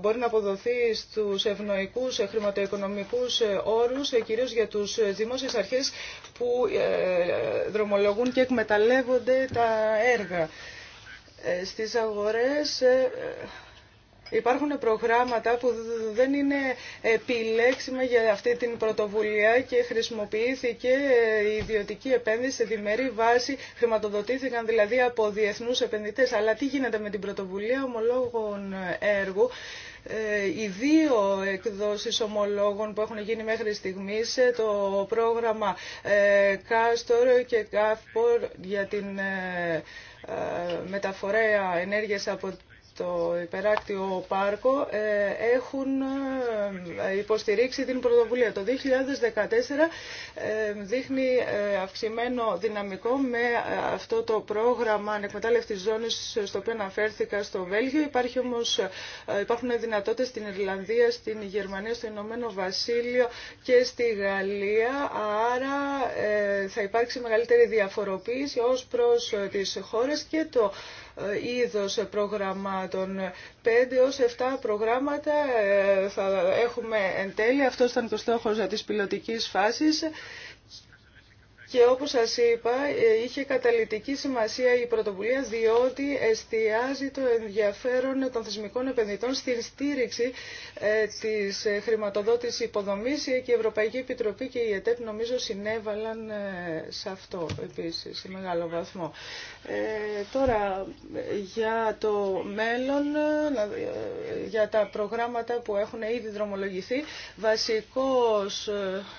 μπορεί να αποδοθεί στους ευνοϊκούς ε, χρηματοοικονομικούς ε, όρους, κυρίως για τους δημόσιες αρχές που δρομολογούν και εκμεταλλεύονται τα έργα. Στις αγορές Υπάρχουν προγράμματα που δεν είναι επιλέξιμα για αυτή την πρωτοβουλία και χρησιμοποιήθηκε η ιδιωτική επένδυση σε διμερή βάση. Χρηματοδοτήθηκαν δηλαδή από διεθνού επενδυτέ. Αλλά τι γίνεται με την πρωτοβουλία ομολόγων έργου. Ε, οι δύο εκδόσεις ομολόγων που έχουν γίνει μέχρι στιγμής, ε, το πρόγραμμα Κάστορ ε, και Κάφπορ για την μεταφορέα ενέργειας από το υπεράκτιο πάρκο ε, έχουν ε, υποστηρίξει την πρωτοβουλία. Το 2014 ε, δείχνει αυξημένο δυναμικό με αυτό το πρόγραμμα ανεκμετάλλευτης ζώνης στο οποίο αναφέρθηκα στο Βέλγιο. Υπάρχει όμως, υπάρχουν δυνατότητες στην Ιρλανδία, στην Γερμανία, στο Ηνωμένο Βασίλειο και στη Γαλλία. Άρα θα υπάρξει μεγαλύτερη διαφοροποίηση ως προς τις χώρες και το είδος προγραμμάτων. 5 ως εφτά προγράμματα ε, θα έχουμε εν τέλει. Αυτός ήταν το στόχος ε, της πιλωτικής φάσης. Και όπως σας είπα, είχε καταλητική σημασία η πρωτοβουλία διότι εστιάζει το ενδιαφέρον των θεσμικών επενδυτών στη στήριξη ε, της χρηματοδότησης υποδομής και η Ευρωπαϊκή Επιτροπή και η ΕΤΕΠ νομίζω συνέβαλαν ε, σε αυτό επίσης, σε μεγάλο βαθμό. Ε, τώρα, για το μέλλον, για τα προγράμματα που έχουν ήδη δρομολογηθεί, βασικός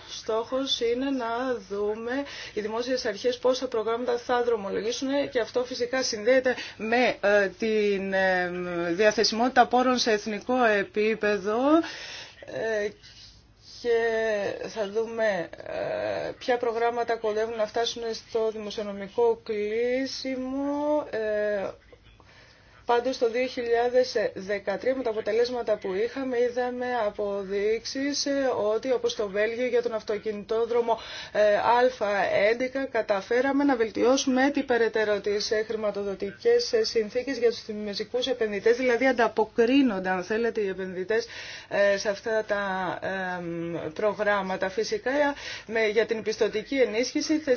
στόχος είναι να δούμε οι δημόσιε αρχέ, πόσα προγράμματα θα δρομολογήσουν και αυτό φυσικά συνδέεται με ε, τη ε, διαθεσιμότητα πόρων σε εθνικό επίπεδο ε, και θα δούμε ποια προγράμματα κολεύουν να φτάσουν στο δημοσιονομικό κλείσιμο Πάντως το 2013 με τα αποτελέσματα που είχαμε είδαμε αποδείξεις ε, ότι όπως το Βέλγιο για τον αυτοκινητόδρομο ε, Α11 καταφέραμε να βελτιώσουμε την περαιτέρω τις ε, χρηματοδοτικές συνθήκες για τους δημιουργικούς επενδυτές, δηλαδή ανταποκρίνονται αν θέλετε οι επενδυτές σε αυτά τα προγράμματα. Φυσικά για την πιστοτική ενίσχυση θα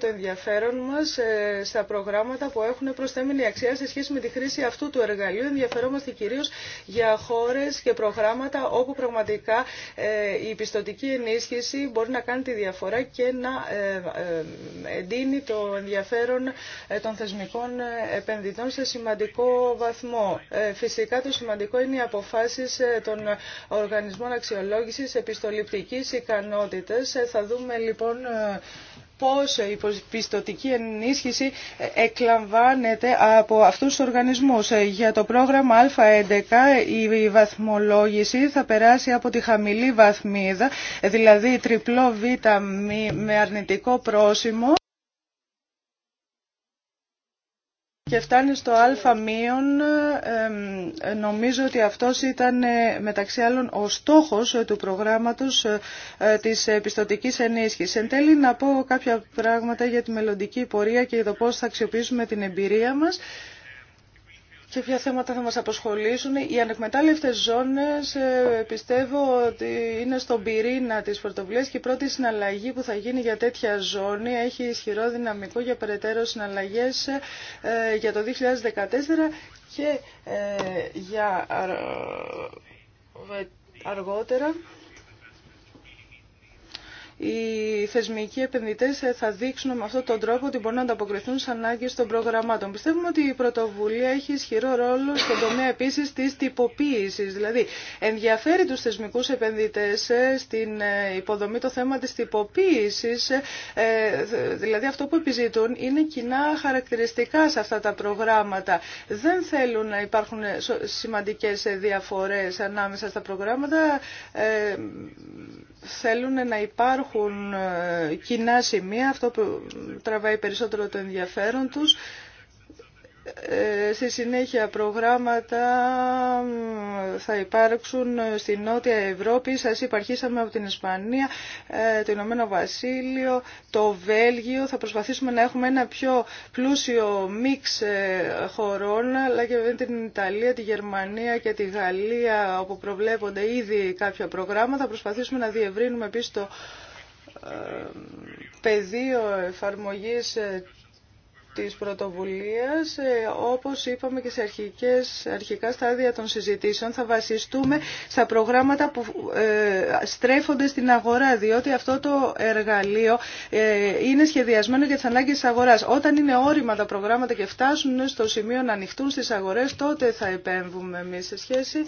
το ενδιαφέρον μας στα προγράμματα που έχουν προσθέμενη αξία σε σχέση με τη χρήση αυτού του εργαλείου ενδιαφερόμαστε κυρίως για χώρε και προγράμματα όπου πραγματικά ε, η πιστοτική ενίσχυση μπορεί να κάνει τη διαφορά και να ε, ε, εντείνει το ενδιαφέρον των θεσμικών επενδυτών σε σημαντικό βαθμό. Φυσικά το σημαντικό είναι οι αποφάσεις των οργανισμών αξιολόγησης επιστοληπτικής ικανότητας. Θα δούμε λοιπόν πώς η πιστοτική ενίσχυση ε, εκλαμβάνεται από αυτούς τους οργανισμούς. Ε, για το πρόγραμμα Α11 η βαθμολόγηση θα περάσει από τη χαμηλή βαθμίδα, ε, δηλαδή τριπλό β με αρνητικό πρόσημο. και φτάνει στο α μείον, νομίζω ότι αυτός ήταν ε, μεταξύ άλλων ο στόχος ε, του προγράμματος ε, της επιστοτικής ενίσχυσης. Εν τέλει να πω κάποια πράγματα για τη μελλοντική πορεία και το πώς θα αξιοποιήσουμε την εμπειρία μας σε ποια θέματα θα μας απασχολήσουν. Οι ανεκμετάλλευτες ζώνες ε, πιστεύω ότι είναι στον πυρήνα της πρωτοβουλίας και η πρώτη συναλλαγή που θα γίνει για τέτοια ζώνη έχει ισχυρό δυναμικό για περαιτέρω συναλλαγές ε, για το 2014 και ε, για αργότερα οι θεσμικοί επενδυτέ θα δείξουν με αυτόν τον τρόπο ότι μπορούν να ανταποκριθούν στι ανάγκε των προγραμμάτων. Πιστεύουμε ότι η πρωτοβουλία έχει ισχυρό ρόλο στον τομέα επίση τη τυποποίηση. Δηλαδή ενδιαφέρει του θεσμικού επενδυτέ στην ε, υποδομή το θέμα τη τυποποίηση, ε, Δηλαδή αυτό που επιζητούν είναι κοινά χαρακτηριστικά σε αυτά τα προγράμματα. Δεν θέλουν να υπάρχουν σημαντικέ ε, διαφορέ ανάμεσα στα προγράμματα θέλουν να υπάρχουν ε, κοινά σημεία, αυτό που τραβάει περισσότερο το ενδιαφέρον τους ε, στη συνέχεια προγράμματα θα υπάρξουν στη Νότια Ευρώπη. Σας υπαρχήσαμε από την Ισπανία, ε, το Ηνωμένο Βασίλειο, το Βέλγιο. Θα προσπαθήσουμε να έχουμε ένα πιο πλούσιο μίξ ε, χωρών, αλλά και την Ιταλία, τη Γερμανία και τη Γαλλία, όπου προβλέπονται ήδη κάποια προγράμματα. Θα προσπαθήσουμε να διευρύνουμε επίσης το πεδίο εφαρμογής της πρωτοβουλίας, ε, όπως είπαμε και σε αρχικές, αρχικά στάδια των συζητήσεων, θα βασιστούμε στα προγράμματα που ε, στρέφονται στην αγορά, διότι αυτό το εργαλείο ε, είναι σχεδιασμένο για τις ανάγκες της αγοράς. Όταν είναι όριμα τα προγράμματα και φτάσουν στο σημείο να ανοιχτούν στις αγορές, τότε θα επέμβουμε εμείς σε σχέση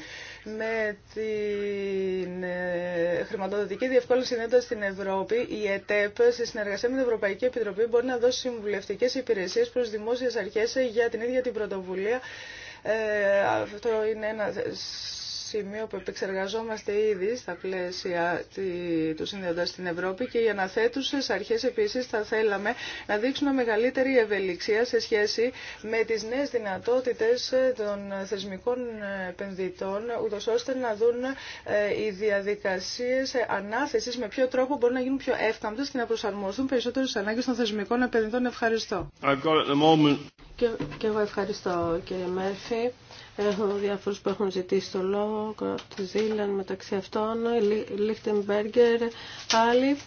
με την ε, χρηματοδοτική διευκόλυνση συνέντα στην Ευρώπη, η ΕΤΕΠ, σε συνεργασία με την Ευρωπαϊκή Επιτροπή, μπορεί να δώσει συμβουλευτικές υπηρεσίες προς δημόσιες αρχές για την ίδια την πρωτοβουλία. Ε, αυτό είναι ένα σημείο που επεξεργαζόμαστε ήδη στα πλαίσια του Συνδέοντα στην Ευρώπη και οι αναθέτουσε αρχέ επίση θα θέλαμε να δείξουμε μεγαλύτερη ευελιξία σε σχέση με τι νέε δυνατότητε των θεσμικών επενδυτών, ούτω ώστε να δουν ε, οι διαδικασίε ανάθεση με ποιο τρόπο μπορούν να γίνουν πιο εύκαμπτε και να προσαρμοστούν περισσότερο στι ανάγκε των θεσμικών επενδυτών. Ευχαριστώ. Και, και εγώ ευχαριστώ κύριε Μέρφη. Έχω διάφορους που έχουν ζητήσει το λόγο μεταξύ αυτών, Λίχτεμπεργκερ, άλλοι.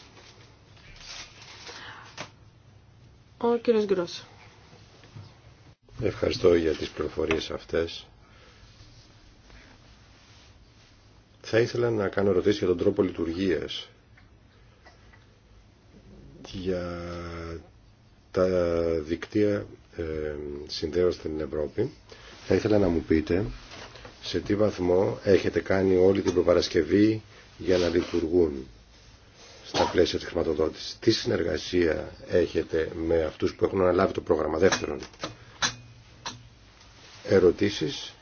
Ο κύριος Γκρός. Ευχαριστώ για τις πληροφορίες αυτές. Θα ήθελα να κάνω ερωτήσει για τον τρόπο λειτουργίας για τα δικτύα ε, συνδέω στην Ευρώπη. Θα ήθελα να μου πείτε σε τι βαθμό έχετε κάνει όλη την προπαρασκευή για να λειτουργούν στα πλαίσια της χρηματοδότησης. Τι συνεργασία έχετε με αυτούς που έχουν αναλάβει το πρόγραμμα. Δεύτερον, ερωτήσεις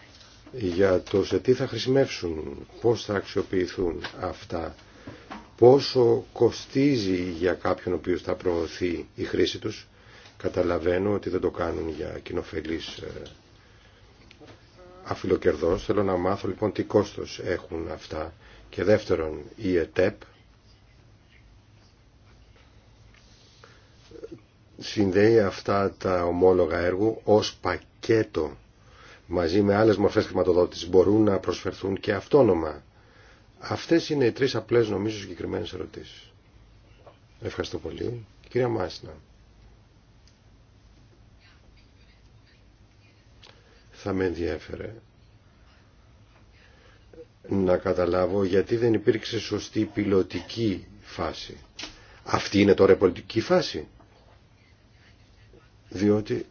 για το σε τι θα χρησιμεύσουν, πώς θα αξιοποιηθούν αυτά, πόσο κοστίζει για κάποιον ο οποίος θα προωθεί η χρήση τους. Καταλαβαίνω ότι δεν το κάνουν για κοινοφελείς ε, αφιλοκερδός. Θέλω να μάθω λοιπόν τι κόστος έχουν αυτά. Και δεύτερον, η ΕΤΕΠ συνδέει αυτά τα ομόλογα έργου ως πακέτο μαζί με άλλες μορφές χρηματοδότησης μπορούν να προσφερθούν και αυτόνομα. Αυτές είναι οι τρεις απλές νομίζω συγκεκριμένες ερωτήσεις. Ευχαριστώ πολύ. Κυρία Μάσνα. θα με ενδιέφερε να καταλάβω γιατί δεν υπήρξε σωστή πιλωτική φάση. Αυτή είναι τώρα η πολιτική φάση. Διότι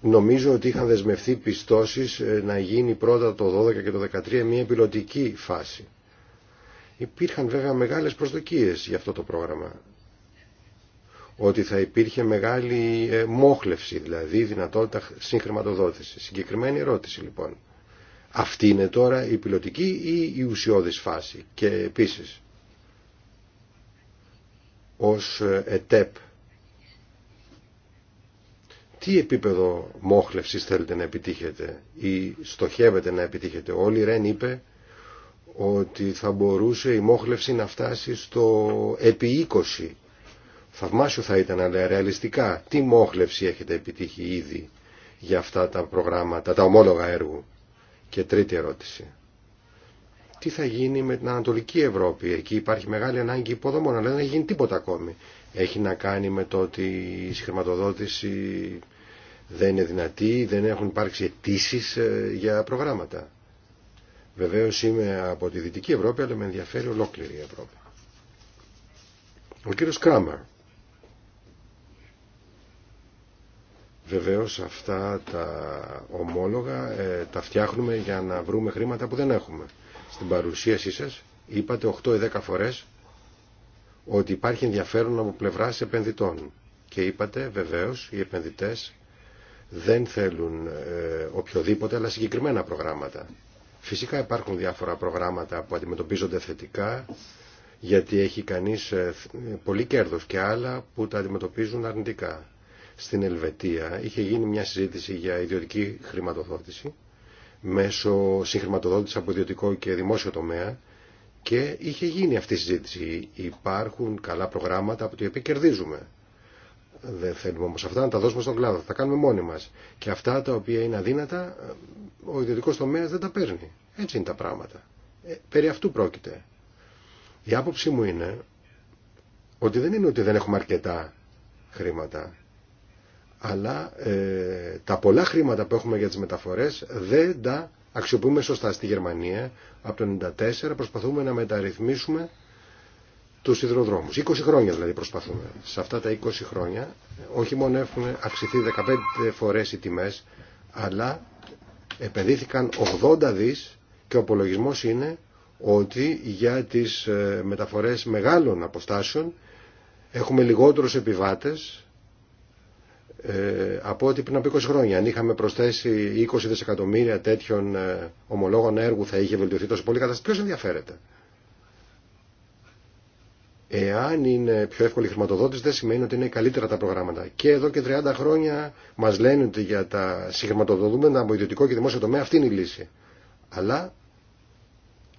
νομίζω ότι είχαν δεσμευτεί πιστώσεις ε, να γίνει πρώτα το 12 και το 13 μια πιλωτική φάση. Υπήρχαν βέβαια μεγάλες προσδοκίες για αυτό το πρόγραμμα ότι θα υπήρχε μεγάλη ε, μόχλευση, δηλαδή δυνατότητα συγχρηματοδότηση. Συγκεκριμένη ερώτηση λοιπόν. Αυτή είναι τώρα η πιλωτική ή η ουσιώδης φάση. Και επίσης, ως ε, ΕΤΕΠ, τι επίπεδο μόχλευσης θέλετε να επιτύχετε ή στοχεύετε να επιτύχετε. Όλοι Ρεν είπε ότι θα μπορούσε η μόχλευση να φτάσει στο επί 20 Θαυμάσιο θα ήταν, αλλά ρεαλιστικά, τι μόχλευση έχετε επιτύχει ήδη για αυτά τα προγράμματα, τα ομόλογα έργου. Και τρίτη ερώτηση. Τι θα γίνει με την Ανατολική Ευρώπη. Εκεί υπάρχει μεγάλη ανάγκη υποδομών, αλλά δεν έχει γίνει τίποτα ακόμη. Έχει να κάνει με το ότι η συγχρηματοδότηση δεν είναι δυνατή, δεν έχουν υπάρξει αιτήσει ε, για προγράμματα. Βεβαίω είμαι από τη Δυτική Ευρώπη, αλλά με ενδιαφέρει ολόκληρη η Ευρώπη. Ο κύριο Κράμερ Βεβαίως αυτά τα ομόλογα ε, τα φτιάχνουμε για να βρούμε χρήματα που δεν έχουμε. Στην παρουσίασή σας είπατε 8 ή 10 φορές ότι υπάρχει ενδιαφέρον από πλευράς επενδυτών. Και είπατε βεβαίως οι επενδυτές δεν θέλουν ε, οποιοδήποτε αλλά συγκεκριμένα προγράμματα. Φυσικά υπάρχουν διάφορα προγράμματα που αντιμετωπίζονται θετικά γιατί έχει κανείς ε, πολύ κέρδος και άλλα που τα αντιμετωπίζουν αρνητικά στην Ελβετία είχε γίνει μια συζήτηση για ιδιωτική χρηματοδότηση μέσω συγχρηματοδότηση από ιδιωτικό και δημόσιο τομέα και είχε γίνει αυτή η συζήτηση. Υπάρχουν καλά προγράμματα από τα οποία κερδίζουμε. Δεν θέλουμε όμω αυτά να τα δώσουμε στον κλάδο, θα τα κάνουμε μόνοι μα. Και αυτά τα οποία είναι αδύνατα, ο ιδιωτικό τομέα δεν τα παίρνει. Έτσι είναι τα πράγματα. Ε, περί αυτού πρόκειται. Η άποψή μου είναι ότι δεν είναι ότι δεν έχουμε αρκετά χρήματα αλλά ε, τα πολλά χρήματα που έχουμε για τις μεταφορές δεν τα αξιοποιούμε σωστά στη Γερμανία. Από το 1994 προσπαθούμε να μεταρρυθμίσουμε τους σιδηροδρόμους. 20 χρόνια δηλαδή προσπαθούμε. Σε αυτά τα 20 χρόνια όχι μόνο έχουν αυξηθεί 15 φορές οι τιμές, αλλά επενδύθηκαν 80 δις και ο απολογισμός είναι ότι για τις ε, μεταφορές μεγάλων αποστάσεων έχουμε λιγότερους επιβάτες ε, από ό,τι πριν από 20 χρόνια. Αν είχαμε προσθέσει 20 δισεκατομμύρια τέτοιων ε, ομολόγων έργου θα είχε βελτιωθεί τόσο πολύ κατάσταση. Ποιος ενδιαφέρεται. Εάν είναι πιο εύκολη η χρηματοδότηση δεν σημαίνει ότι είναι καλύτερα τα προγράμματα. Και εδώ και 30 χρόνια μας λένε ότι για τα συγχρηματοδοτούμενα από ιδιωτικό και δημόσιο τομέα αυτή είναι η λύση. Αλλά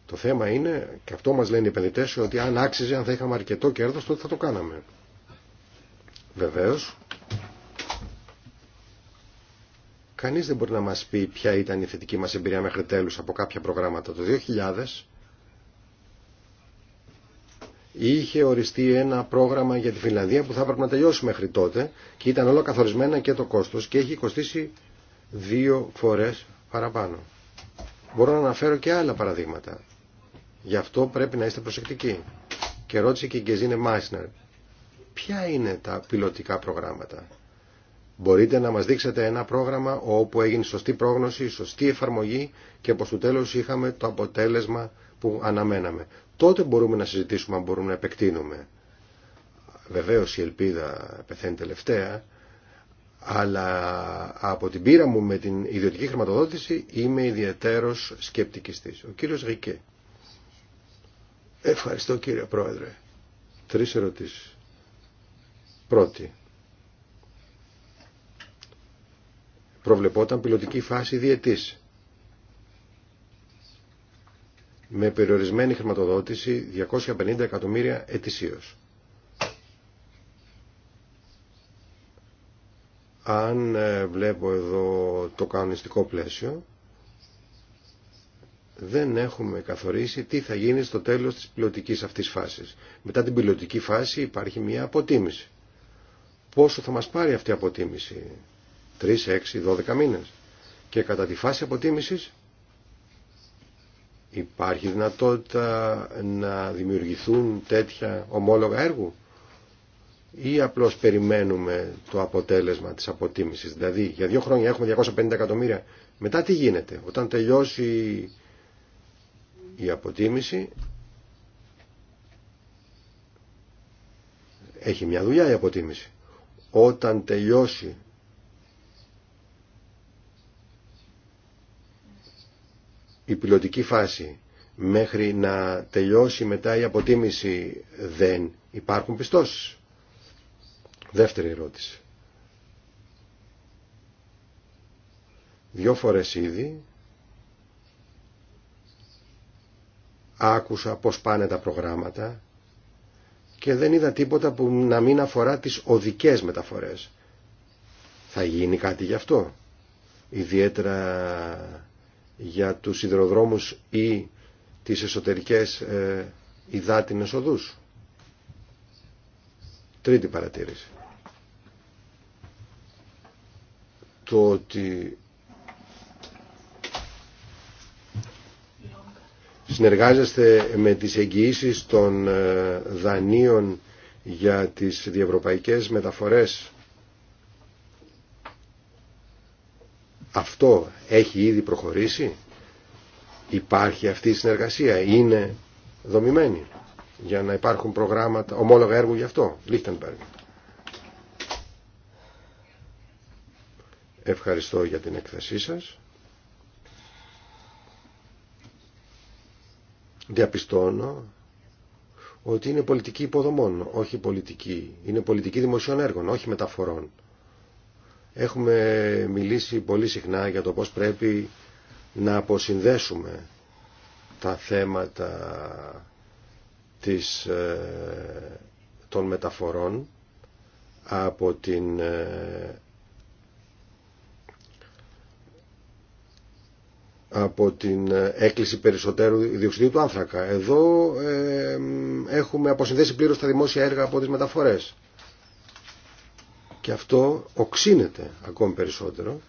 το θέμα είναι, και αυτό μας λένε οι επενδυτές, ότι αν άξιζε, αν θα είχαμε αρκετό κέρδος, τότε θα το κάναμε. Βεβαίω. Κανείς δεν μπορεί να μας πει ποια ήταν η θετική μας εμπειρία μέχρι τέλους από κάποια προγράμματα. Το 2000 είχε οριστεί ένα πρόγραμμα για τη Φιλανδία που θα έπρεπε να τελειώσει μέχρι τότε και ήταν όλα καθορισμένα και το κόστος και έχει κοστίσει δύο φορές παραπάνω. Μπορώ να αναφέρω και άλλα παραδείγματα. Γι' αυτό πρέπει να είστε προσεκτικοί. Και ρώτησε και η Γκεζίνε Μάισνερ, ποια είναι τα πιλωτικά προγράμματα. Μπορείτε να μας δείξετε ένα πρόγραμμα όπου έγινε σωστή πρόγνωση, σωστή εφαρμογή και πως το τέλος είχαμε το αποτέλεσμα που αναμέναμε. Τότε μπορούμε να συζητήσουμε αν μπορούμε να επεκτείνουμε. Βεβαίως η ελπίδα πεθαίνει τελευταία, αλλά από την πείρα μου με την ιδιωτική χρηματοδότηση είμαι ιδιαίτερος σκεπτικιστής. Ο κύριος Ρικέ. Ευχαριστώ κύριε Πρόεδρε. Τρεις ερωτήσεις. Πρώτη, προβλεπόταν πιλωτική φάση διετής με περιορισμένη χρηματοδότηση 250 εκατομμύρια ετησίως. Αν ε, βλέπω εδώ το κανονιστικό πλαίσιο, δεν έχουμε καθορίσει τι θα γίνει στο τέλος της πιλωτικής αυτής φάσης. Μετά την πιλωτική φάση υπάρχει μια αποτίμηση. Πόσο θα μας πάρει αυτή η αποτίμηση 3, 6, 12 μήνες. Και κατά τη φάση αποτίμησης υπάρχει δυνατότητα να δημιουργηθούν τέτοια ομόλογα έργου ή απλώς περιμένουμε το αποτέλεσμα της αποτίμησης. Δηλαδή για δύο χρόνια έχουμε 250 εκατομμύρια. Μετά τι γίνεται. Όταν τελειώσει η αποτίμηση έχει μια δουλειά η αποτίμηση. Όταν τελειώσει η πιλωτική φάση μέχρι να τελειώσει μετά η αποτίμηση δεν υπάρχουν πιστώσεις. Δεύτερη ερώτηση. Δυο φορές ήδη άκουσα πώς πάνε τα προγράμματα και δεν είδα τίποτα που να μην αφορά τις οδικές μεταφορές. Θα γίνει κάτι γι' αυτό. Ιδιαίτερα για τους υδροδρόμους ή τις εσωτερικές ε, υδάτινες οδούς. Τρίτη παρατήρηση. Το ότι συνεργάζεστε με τις εγγυήσεις των ε, δανείων για τις διευρωπαϊκές μεταφορές Αυτό έχει ήδη προχωρήσει. Υπάρχει αυτή η συνεργασία. Είναι δομημένη για να υπάρχουν προγράμματα, ομόλογα έργου γι' αυτό. Λίχτενμπεργκ. Ευχαριστώ για την εκθεσή σας. Διαπιστώνω ότι είναι πολιτική υποδομών, όχι πολιτική. Είναι πολιτική δημοσίων έργων, όχι μεταφορών. Έχουμε μιλήσει πολύ συχνά για το πώς πρέπει να αποσυνδέσουμε τα θέματα της, ε, των μεταφορών από την ε, από την ε, έκκληση περισσότερου διοξιδίου του άνθρακα. Εδώ έχουμε αποσυνδέσει πλήρως τα δημόσια έργα από τις μεταφορές και αυτό οξύνεται ακόμη περισσότερο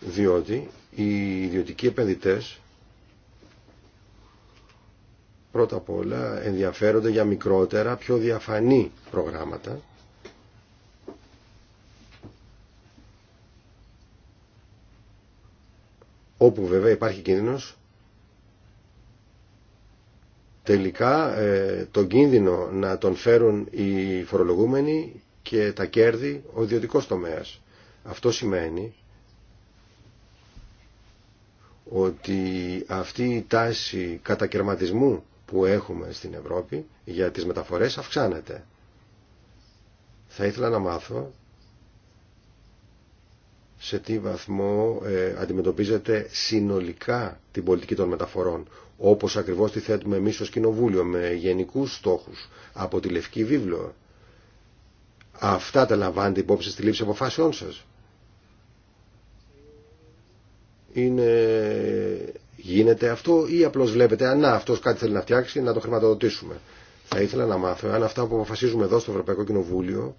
διότι οι ιδιωτικοί επενδυτές πρώτα απ' όλα ενδιαφέρονται για μικρότερα, πιο διαφανή προγράμματα όπου βέβαια υπάρχει κίνδυνος τελικά ε, τον κίνδυνο να τον φέρουν οι φορολογούμενοι και τα κέρδη ο ιδιωτικός τομέας. Αυτό σημαίνει ότι αυτή η τάση κατακαιρματισμού που έχουμε στην Ευρώπη για τις μεταφορές αυξάνεται. Θα ήθελα να μάθω σε τι βαθμό ε, αντιμετωπίζεται συνολικά την πολιτική των μεταφορών όπως ακριβώς τη θέτουμε εμείς ως Κοινοβούλιο, με γενικούς στόχους, από τη Λευκή Βίβλο. Αυτά τα λαμβάνετε υπόψη στη λήψη αποφάσεών σας. Είναι... Γίνεται αυτό ή απλώς βλέπετε, αν αυτός κάτι θέλει να φτιάξει, να το χρηματοδοτήσουμε. Θα ήθελα να μάθω αν αυτά που αποφασίζουμε εδώ στο Ευρωπαϊκό Κοινοβούλιο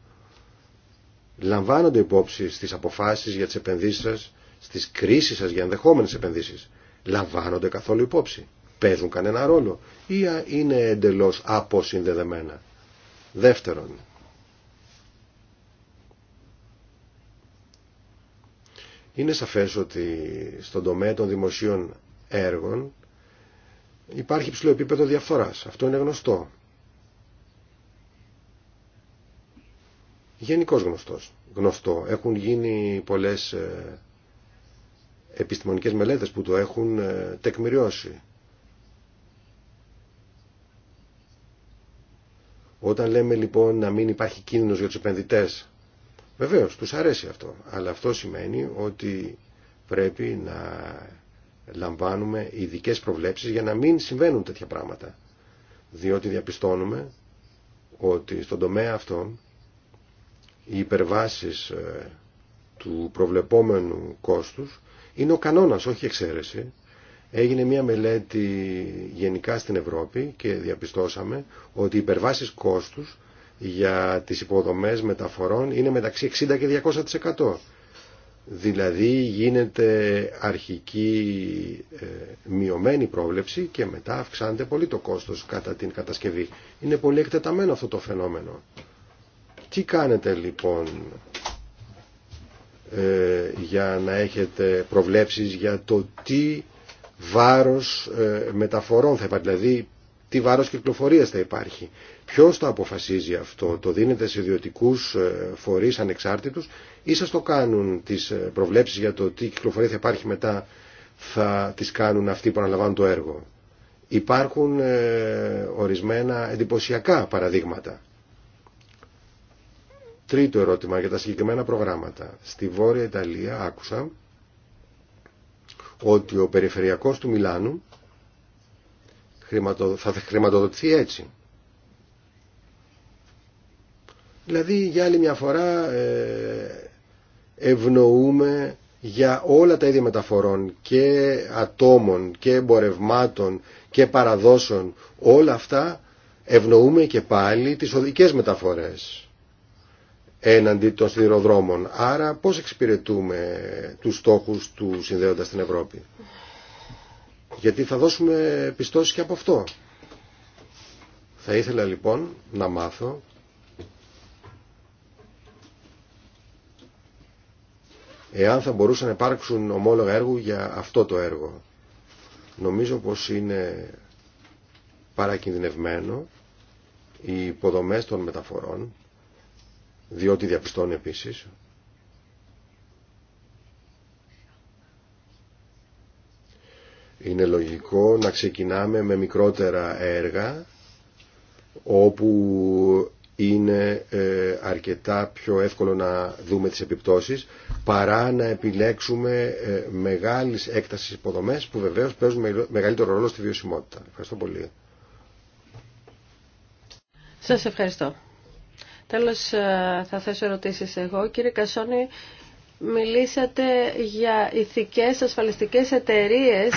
λαμβάνονται υπόψη στις αποφάσεις για τις επενδύσεις σας, στις κρίσεις σας για ενδεχόμενες επενδύσεις. Λαμβάνονται καθόλου υπόψη παίζουν κανένα ρόλο ή είναι εντελώς αποσυνδεδεμένα. Δεύτερον, είναι σαφές ότι στον τομέα των δημοσίων έργων υπάρχει ψηλό επίπεδο διαφθοράς. Αυτό είναι γνωστό. Γενικώ γνωστός. Γνωστό. Έχουν γίνει πολλές ε, επιστημονικές μελέτες που το έχουν ε, τεκμηριώσει. Όταν λέμε λοιπόν να μην υπάρχει κίνδυνος για τους επενδυτές, βεβαίως τους αρέσει αυτό, αλλά αυτό σημαίνει ότι πρέπει να λαμβάνουμε ειδικέ προβλέψεις για να μην συμβαίνουν τέτοια πράγματα. Διότι διαπιστώνουμε ότι στον τομέα αυτό οι υπερβάσεις ε, του προβλεπόμενου κόστους είναι ο κανόνας, όχι η εξαίρεση έγινε μια μελέτη γενικά στην Ευρώπη και διαπιστώσαμε ότι οι υπερβάσεις κόστους για τις υποδομές μεταφορών είναι μεταξύ 60 και 200%. Δηλαδή γίνεται αρχική ε, μειωμένη πρόβλεψη και μετά αυξάνεται πολύ το κόστος κατά την κατασκευή. Είναι πολύ εκτεταμένο αυτό το φαινόμενο. Τι κάνετε λοιπόν ε, για να έχετε προβλέψεις για το τι βάρος ε, μεταφορών θα υπάρχει, δηλαδή τι βάρος κυκλοφορίας θα υπάρχει. Ποιος το αποφασίζει αυτό, το δίνεται σε ιδιωτικούς ε, φορείς ανεξάρτητους ή σας το κάνουν τις ε, προβλέψεις για το τι κυκλοφορία θα υπάρχει μετά θα τις κάνουν αυτοί που αναλαμβάνουν το έργο. Υπάρχουν ορισμένα εντυπωσιακά παραδείγματα. Τρίτο ερώτημα για τα συγκεκριμένα προγράμματα. Στη Βόρεια Ιταλία άκουσα ότι ο περιφερειακός του Μιλάνου θα χρηματοδοτηθεί έτσι. Δηλαδή για άλλη μια φορά ε, ευνοούμε για όλα τα ίδια μεταφορών και ατόμων και εμπορευμάτων και παραδόσεων όλα αυτά ευνοούμε και πάλι τις οδικές μεταφορές έναντι των σιδηροδρόμων. Άρα πώς εξυπηρετούμε τους στόχους του συνδέοντα στην Ευρώπη. Γιατί θα δώσουμε πιστώσεις και από αυτό. Θα ήθελα λοιπόν να μάθω εάν θα μπορούσαν να υπάρξουν ομόλογα έργου για αυτό το έργο. Νομίζω πως είναι παρακινδυνευμένο οι υποδομές των μεταφορών διότι διαπιστώνει επίσης είναι λογικό να ξεκινάμε με μικρότερα έργα όπου είναι ε, αρκετά πιο εύκολο να δούμε τις επιπτώσεις παρά να επιλέξουμε ε, μεγάλης έκτασης υποδομές που βεβαίως παίζουν μεγαλύτερο ρόλο στη βιωσιμότητα. Ευχαριστώ πολύ. Σας ευχαριστώ. Τέλος ε, θα θέσω ερωτήσεις εγώ. Κύριε Κασόνη, μιλήσατε για ηθικές ασφαλιστικές εταιρείες,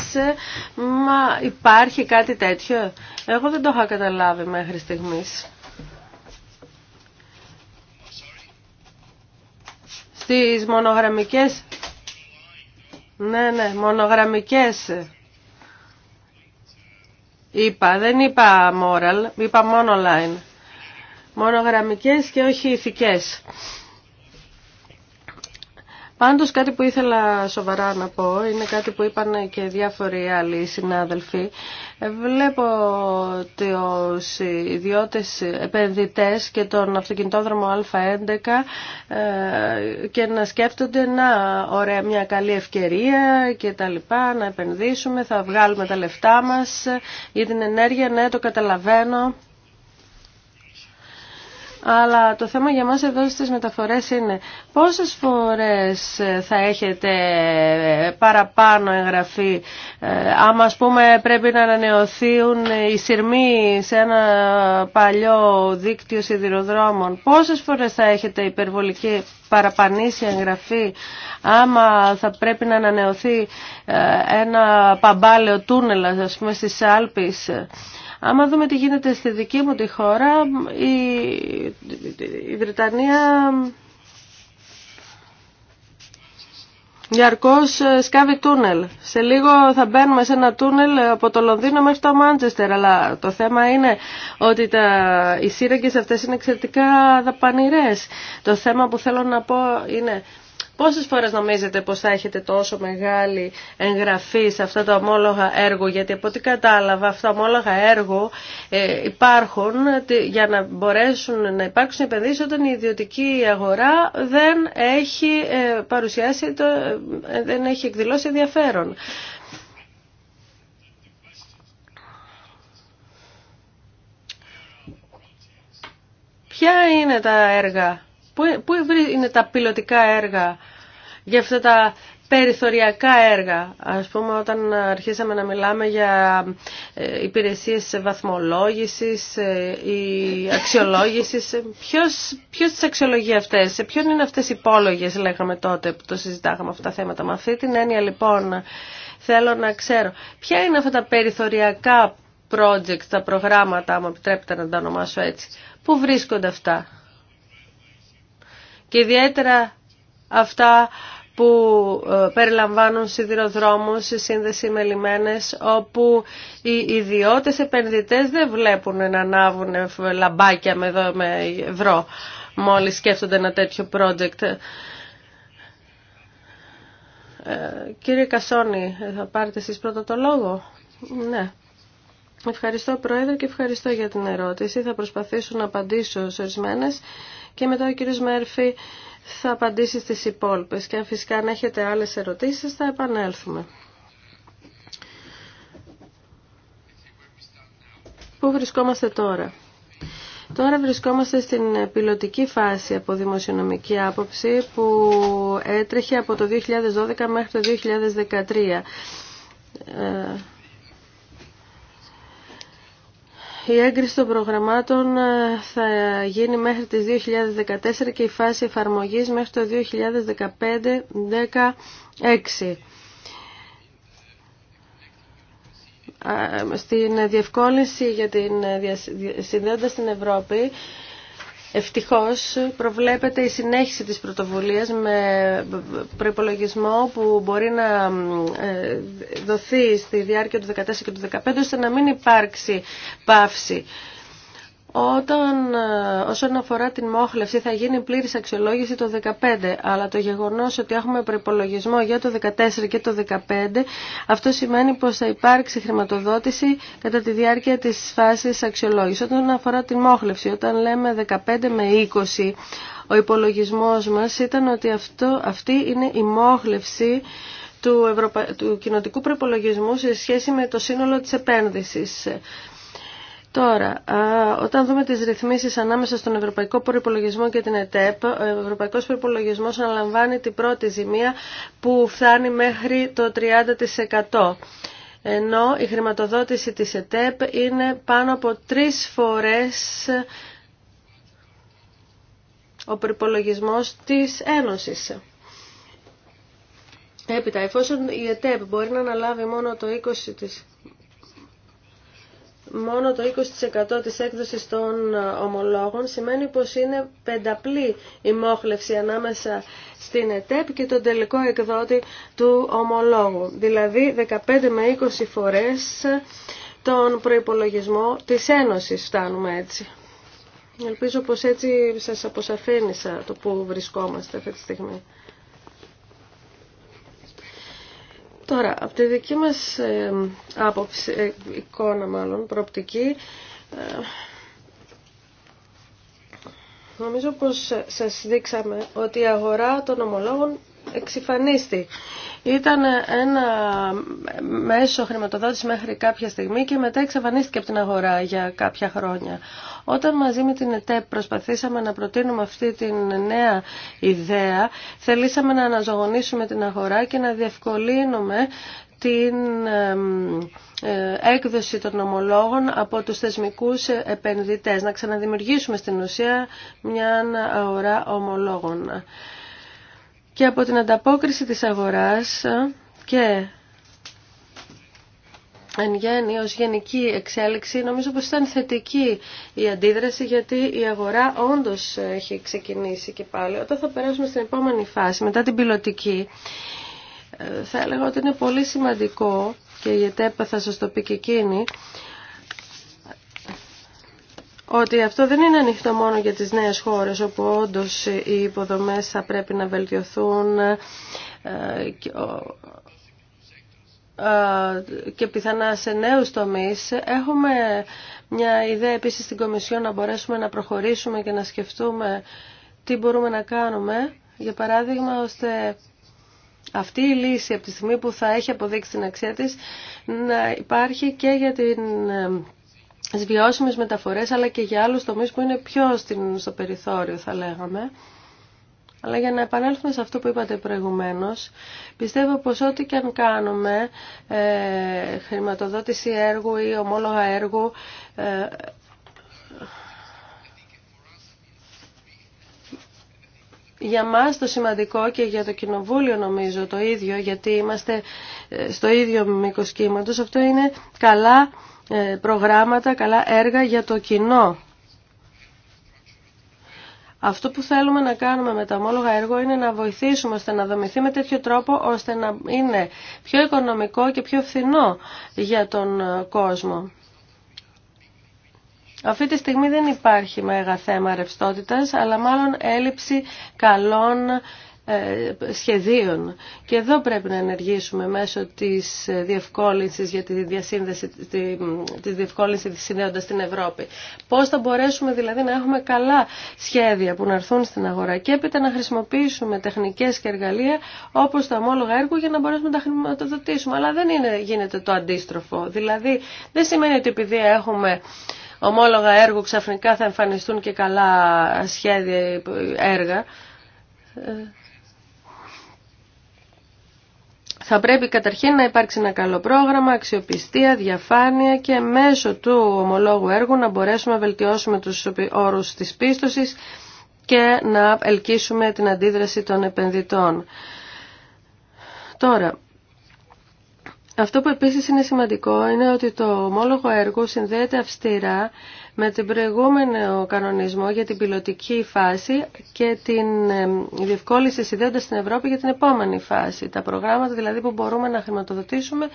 μα υπάρχει κάτι τέτοιο. Εγώ δεν το είχα καταλάβει μέχρι στιγμής. Στις μονογραμμικές... Ναι, ναι, μονογραμμικές... Είπα, δεν είπα moral, είπα μόνο line μονογραμμικές και όχι ηθικές. Πάντως κάτι που ήθελα σοβαρά να πω, είναι κάτι που είπαν και διάφοροι άλλοι συνάδελφοι. Ε, βλέπω ως ιδιώτες επενδυτές και τον αυτοκινητόδρομο Α11 ε, και να σκέφτονται να ωραία μια καλή ευκαιρία και τα λοιπά, να επενδύσουμε, θα βγάλουμε τα λεφτά μας για την ενέργεια, ναι το καταλαβαίνω. Αλλά το θέμα για μας εδώ στις μεταφορές είναι πόσες φορές θα έχετε ε, παραπάνω εγγραφή ε, άμα ας πούμε πρέπει να ανανεωθούν οι σειρμοί σε ένα παλιό δίκτυο σιδηροδρόμων. Πόσες φορές θα έχετε υπερβολική παραπανήσια εγγραφή άμα θα πρέπει να ανανεωθεί ε, ένα παμπάλαιο τούνελ ας πούμε στις Άλπεις. Άμα δούμε τι γίνεται στη δική μου τη χώρα, η Βρετανία διαρκώς σκάβει τούνελ. Σε λίγο θα μπαίνουμε σε ένα τούνελ από το Λονδίνο μέχρι το Μάντσεστερ, αλλά το θέμα είναι ότι τα, οι σύραγγες αυτές είναι εξαιρετικά δαπανηρές. Το θέμα που θέλω να πω είναι Πόσες φορές νομίζετε πως θα έχετε τόσο μεγάλη εγγραφή σε αυτά τα ομόλογα έργο, γιατί από ό,τι κατάλαβα αυτά τα ομόλογα έργο ε, υπάρχουν για να μπορέσουν να υπάρξουν επενδύσεις όταν η ιδιωτική αγορά δεν έχει ε, παρουσιάσει, το, ε, δεν έχει εκδηλώσει ενδιαφέρον. Ποια είναι τα έργα, πού είναι τα πιλωτικά έργα για αυτά τα περιθωριακά έργα. Ας πούμε όταν αρχίσαμε να μιλάμε για ε, υπηρεσίες βαθμολόγησης ε, ή αξιολόγησης, ε, ποιος, ποιος τις αξιολογεί αυτές, σε ποιον είναι αυτές οι υπόλογες λέγαμε τότε που το συζητάγαμε αυτά τα θέματα. Με αυτή την έννοια λοιπόν θέλω να ξέρω ποια είναι αυτά τα περιθωριακά project, τα προγράμματα, άμα επιτρέπετε να τα ονομάσω έτσι, που βρίσκονται αυτά. Και ιδιαίτερα αυτά που ε, περιλαμβάνουν σιδηροδρόμους, σύνδεση με λιμένες, όπου οι ιδιώτες επενδυτές δεν βλέπουν να ανάβουν λαμπάκια με, ευρώ μόλις σκέφτονται ένα τέτοιο project. Ε, κύριε Κασόνη, θα πάρετε εσείς πρώτα το λόγο. Ναι. Ευχαριστώ Πρόεδρε και ευχαριστώ για την ερώτηση. Θα προσπαθήσω να απαντήσω σε ορισμένε και μετά ο κύριος Μέρφη θα απαντήσει στις υπόλοιπες και αν φυσικά αν έχετε άλλες ερωτήσεις θα επανέλθουμε. Πού βρισκόμαστε τώρα. Τώρα βρισκόμαστε στην πιλωτική φάση από δημοσιονομική άποψη που έτρεχε από το 2012 μέχρι το 2013 η έγκριση των προγραμμάτων ε, θα γίνει μέχρι τις 2014 και η φάση εφαρμογής μέχρι το 2015-16. Ε, στην διευκόλυνση για την ε, συνδέοντα στην Ευρώπη, Ευτυχώς προβλέπεται η συνέχιση της πρωτοβουλίας με προϋπολογισμό που μπορεί να ε, δοθεί στη διάρκεια του 2014 και του 2015 ώστε να μην υπάρξει πάυση όταν, ε, όσον αφορά την μόχλευση θα γίνει πλήρης αξιολόγηση το 2015, αλλά το γεγονός ότι έχουμε προπολογισμό για το 2014 και το 2015, αυτό σημαίνει πως θα υπάρξει χρηματοδότηση κατά τη διάρκεια της φάσης αξιολόγησης. Όταν αφορά την μόχλευση, όταν λέμε 15 με 20, ο υπολογισμός μας ήταν ότι αυτό, αυτή είναι η μόχλευση του, του κοινοτικού προπολογισμού σε σχέση με το σύνολο της επένδυσης. Τώρα, όταν δούμε τις ρυθμίσεις ανάμεσα στον Ευρωπαϊκό Προϋπολογισμό και την ΕΤΕΠ, ο Ευρωπαϊκός Προϋπολογισμός αναλαμβάνει την πρώτη ζημία που φτάνει μέχρι το 30% ενώ η χρηματοδότηση της ΕΤΕΠ είναι πάνω από τρεις φορές ο προϋπολογισμός της Ένωσης. Έπειτα, εφόσον η ΕΤΕΠ μπορεί να αναλάβει μόνο το 20%, μόνο το 20% της έκδοσης των ε, ομολόγων σημαίνει πως είναι πενταπλή η μόχλευση ανάμεσα στην ΕΤΕΠ και τον τελικό εκδότη του ομολόγου. Δηλαδή 15 με 20 φορές τον προϋπολογισμό της Ένωσης φτάνουμε έτσι. Ελπίζω πως έτσι σας αποσαφήνισα το που βρισκόμαστε αυτή τη στιγμή. Τώρα, από τη δική μας ε, άποψη, ε, εικόνα μάλλον, προοπτική, ε, νομίζω πως σας δείξαμε ότι η αγορά των ομολόγων εξυφανίστη. Ήταν ένα μέσο χρηματοδότηση μέχρι κάποια στιγμή και μετά εξαφανίστηκε από την αγορά για κάποια χρόνια. Όταν μαζί με την ΕΤΕ προσπαθήσαμε να προτείνουμε αυτή την νέα ιδέα, θελήσαμε να αναζωογονήσουμε την αγορά και να διευκολύνουμε την ε, έκδοση των ομολόγων από τους θεσμικούς επενδυτές. Να ξαναδημιουργήσουμε στην ουσία μια αγορά ομολόγων και από την ανταπόκριση της αγοράς και εν γέννη ως γενική εξέλιξη νομίζω πως ήταν θετική η αντίδραση γιατί η αγορά όντως έχει ξεκινήσει και πάλι. Όταν θα περάσουμε στην επόμενη φάση, μετά την πιλωτική, ε, θα έλεγα ότι είναι πολύ σημαντικό και η ΕΤΕΠΑ θα σας το πει και εκείνη, ότι αυτό δεν είναι ανοιχτό μόνο για τις νέες χώρες όπου όντως οι υποδομές θα πρέπει να βελτιωθούν ε, ε, και πιθανά σε νέους τομείς. Έχουμε μια ιδέα επίσης στην Κομισιό να μπορέσουμε να προχωρήσουμε και να σκεφτούμε τι μπορούμε να κάνουμε, για παράδειγμα, ώστε αυτή η λύση από τη στιγμή που θα έχει αποδείξει την αξία της να υπάρχει και για την ε, στις βιώσιμες μεταφορές αλλά και για άλλους τομείς που είναι πιο στην, στο περιθώριο θα λέγαμε. Αλλά για να επανέλθουμε σε αυτό που είπατε προηγουμένως, πιστεύω πως ό,τι και αν κάνουμε, ε, χρηματοδότηση έργου ή ομόλογα έργου, ε, για μας το σημαντικό και για το Κοινοβούλιο νομίζω το ίδιο, γιατί είμαστε ε, στο ίδιο μήκος κύματος, αυτό είναι καλά ε, προγράμματα, καλά έργα για το κοινό. Αυτό που θέλουμε να κάνουμε με τα ομόλογα έργο είναι να βοηθήσουμε ώστε να δομηθεί με τέτοιο τρόπο ώστε να είναι πιο οικονομικό και πιο φθηνό για τον ε, κόσμο. Αυτή τη στιγμή δεν υπάρχει μέγα θέμα ρευστότητας, αλλά μάλλον έλλειψη καλών ε, σχεδίων. Και εδώ πρέπει να ενεργήσουμε μέσω τη διευκόλυνση για τη διασύνδεση, τη, διευκόλυνση τη συνέοντα στην Ευρώπη. Πώ θα μπορέσουμε δηλαδή να έχουμε καλά σχέδια που να έρθουν στην αγορά και έπειτα να χρησιμοποιήσουμε τεχνικέ και εργαλεία όπως τα ομόλογα έργου για να μπορέσουμε να τα χρηματοδοτήσουμε. Αλλά δεν είναι, γίνεται το αντίστροφο. Δηλαδή δεν σημαίνει ότι επειδή έχουμε ομόλογα έργου ξαφνικά θα εμφανιστούν και καλά σχέδια ε, έργα. Ε, θα πρέπει καταρχήν να υπάρξει ένα καλό πρόγραμμα, αξιοπιστία, διαφάνεια και μέσω του ομολόγου έργου να μπορέσουμε να βελτιώσουμε τους όρους της πίστοσης και να ελκύσουμε την αντίδραση των επενδυτών. Τώρα, αυτό που επίσης είναι σημαντικό είναι ότι το ομόλογο έργο συνδέεται αυστηρά με την προηγούμενο κανονισμό για την πιλωτική φάση και την διευκόλυνση συνδέοντα στην Ευρώπη για την επόμενη φάση. Τα προγράμματα δηλαδή που μπορούμε να χρηματοδοτήσουμε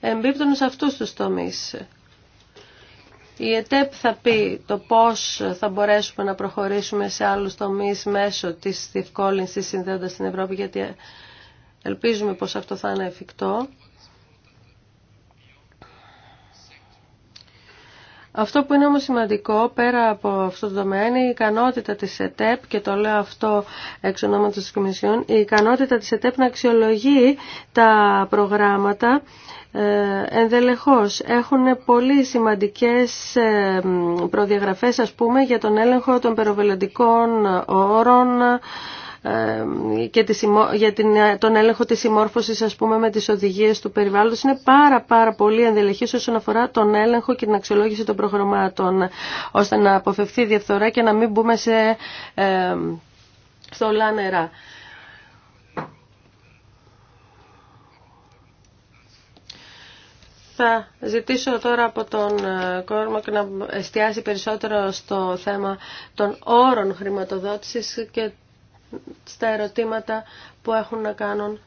εμπίπτουν σε αυτούς τους τομείς. Η ΕΤΕΠ θα πει το πώς θα μπορέσουμε να προχωρήσουμε σε άλλους τομείς μέσω της διευκόλυνσης συνδέοντας την Ευρώπη, γιατί ελπίζουμε πως αυτό θα είναι στην ευρωπη γιατι ελπιζουμε πως αυτο θα ειναι εφικτο Αυτό που είναι όμως σημαντικό πέρα από αυτό το τομέα είναι η ικανότητα της ΕΤΕΠ και το λέω αυτό εξ ονόματος της Κομισιόν, η ικανότητα της ΕΤΕΠ να αξιολογεί τα προγράμματα ε, ενδελεχώς έχουν πολύ σημαντικές ε, προδιαγραφές ας πούμε για τον έλεγχο των περιβαλλοντικών όρων ε, και για ε, τον έλεγχο της συμμόρφωσης ας πούμε με τις οδηγίες του περιβάλλοντος είναι πάρα πάρα πολύ ενδελεχής όσον αφορά τον έλεγχο και την αξιολόγηση των προχρωμάτων, ώστε να αποφευθεί διαφθορά και να μην μπούμε σε, ε, νερά. Θα ζητήσω τώρα από τον ε, και να εστιάσει περισσότερο στο θέμα των όρων χρηματοδότησης και στα ερωτήματα που έχουν να κάνουν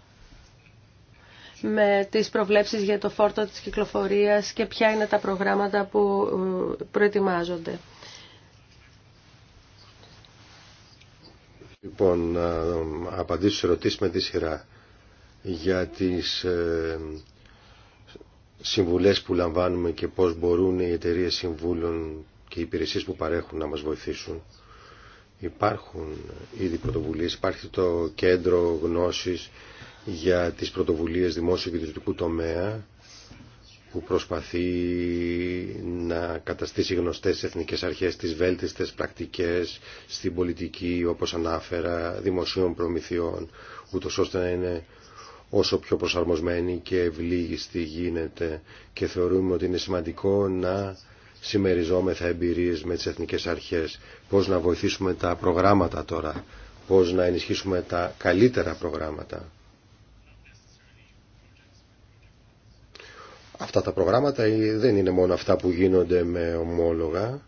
με τις προβλέψεις για το φόρτο της κυκλοφορίας και ποια είναι τα προγράμματα που ε, προετοιμάζονται. Λοιπόν, να απαντήσω στις ερωτήσεις με τη σειρά για τις ε, συμβουλές που λαμβάνουμε και πώς μπορούν οι εταιρείες συμβούλων και οι υπηρεσίες που παρέχουν να μας βοηθήσουν. Υπάρχουν ήδη πρωτοβουλίες, υπάρχει το κέντρο γνώσης για τις πρωτοβουλίες δημόσιου και ιδιωτικού τομέα που προσπαθεί να καταστήσει γνωστές εθνικές αρχές τις βέλτιστες πρακτικές στην πολιτική όπως ανάφερα δημοσίων προμηθειών ούτως ώστε να είναι όσο πιο προσαρμοσμένη και ευλίγιστη γίνεται και θεωρούμε ότι είναι σημαντικό να συμμεριζόμεθα εμπειρίες με τις εθνικές αρχές, πώς να βοηθήσουμε τα προγράμματα τώρα, πώς να ενισχύσουμε τα καλύτερα προγράμματα. Αυτά τα προγράμματα ε, δεν είναι μόνο αυτά που γίνονται με ομόλογα.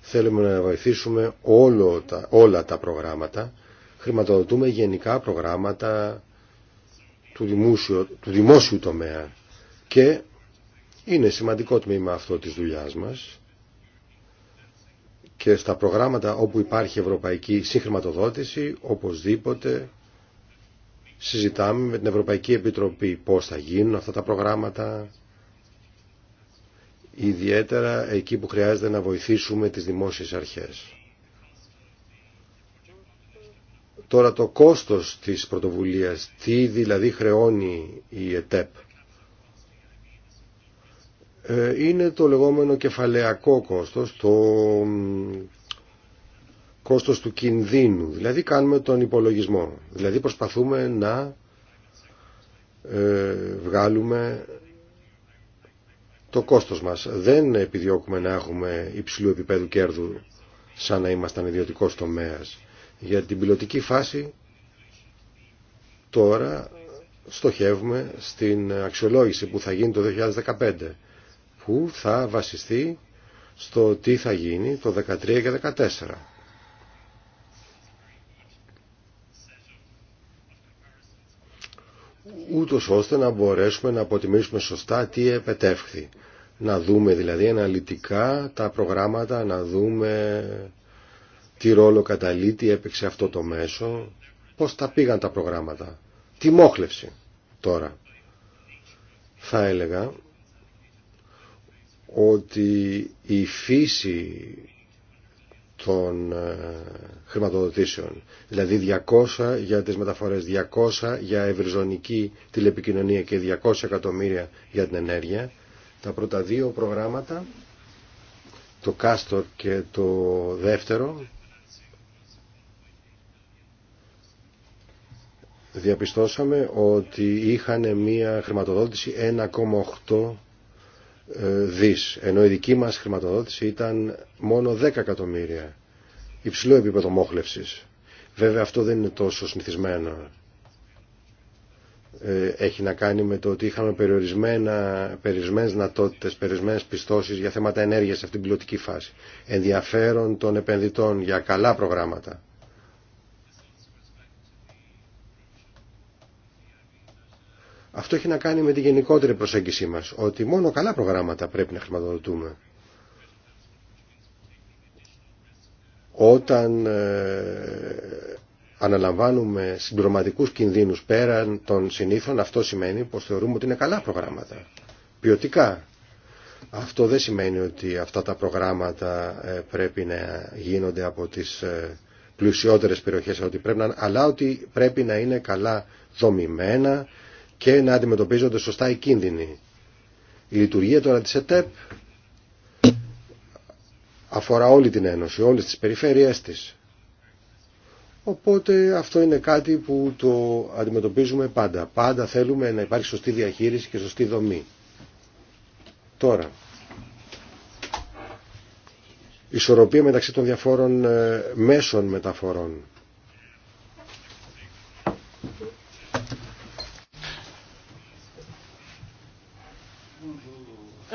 Θέλουμε να βοηθήσουμε όλο τα, όλα τα προγράμματα. Χρηματοδοτούμε γενικά προγράμματα του δημόσιου, του δημόσιου τομέα και είναι σημαντικό τμήμα αυτό της δουλειάς μας και στα προγράμματα όπου υπάρχει ευρωπαϊκή συγχρηματοδότηση οπωσδήποτε συζητάμε με την Ευρωπαϊκή Επιτροπή πώς θα γίνουν αυτά τα προγράμματα ιδιαίτερα εκεί που χρειάζεται να βοηθήσουμε τις δημόσιες αρχές. Τώρα το κόστος της πρωτοβουλίας, τι δηλαδή χρεώνει η ΕΤΕΠ ε, είναι το λεγόμενο κεφαλαιακό κόστος, το κόστος του κινδύνου. Δηλαδή κάνουμε τον υπολογισμό. Δηλαδή προσπαθούμε να ε, βγάλουμε το κόστος μας. Δεν επιδιώκουμε να έχουμε υψηλού επίπεδου κέρδου σαν να ήμασταν ιδιωτικό τομέα. Για την πιλωτική φάση τώρα στοχεύουμε στην αξιολόγηση που θα γίνει το 2015 που θα βασιστεί στο τι θα γίνει το 13 και 14. ούτως ώστε να μπορέσουμε να αποτιμήσουμε σωστά τι επετεύχθη. Να δούμε δηλαδή αναλυτικά τα προγράμματα, να δούμε τι ρόλο καταλήτη έπαιξε αυτό το μέσο, πώς τα πήγαν τα προγράμματα. Τι μόχλευση τώρα. Θα έλεγα ότι η φύση των ε, χρηματοδοτήσεων, δηλαδή 200 για τις μεταφορές, 200 για ευρυζωνική τηλεπικοινωνία και 200 εκατομμύρια για την ενέργεια. Τα πρώτα δύο προγράμματα, το Κάστορ και το δεύτερο, διαπιστώσαμε ότι είχαν μία χρηματοδότηση 1,8 ε, δις, ενώ η δική μας χρηματοδότηση ήταν μόνο 10 εκατομμύρια. Υψηλό επίπεδο μόχλευσης. Βέβαια αυτό δεν είναι τόσο συνηθισμένο. Ε, έχει να κάνει με το ότι είχαμε περιορισμένες δυνατότητε, περιορισμένες πιστώσεις για θέματα ενέργειας σε αυτήν την πιλωτική φάση. Ενδιαφέρον των επενδυτών για καλά προγράμματα. Αυτό έχει να κάνει με τη γενικότερη προσέγγιση μας, ότι μόνο καλά προγράμματα πρέπει να χρηματοδοτούμε. Όταν ε, αναλαμβάνουμε συμπληρωματικούς κινδύνους πέραν των συνήθων, αυτό σημαίνει πως θεωρούμε ότι είναι καλά προγράμματα, ποιοτικά. Αυτό δεν σημαίνει ότι αυτά τα προγράμματα ε, πρέπει να γίνονται από τις ε, πλουσιότερες περιοχές, ότι πρέπει να, αλλά ότι πρέπει να είναι καλά δομημένα, και να αντιμετωπίζονται σωστά οι κίνδυνοι. Η λειτουργία τώρα της ΕΤΕΠ αφορά όλη την Ένωση, όλες τις περιφέρειές της. Οπότε αυτό είναι κάτι που το αντιμετωπίζουμε πάντα. Πάντα θέλουμε να υπάρχει σωστή διαχείριση και σωστή δομή. Τώρα, ισορροπία μεταξύ των διαφόρων ε, μέσων μεταφορών.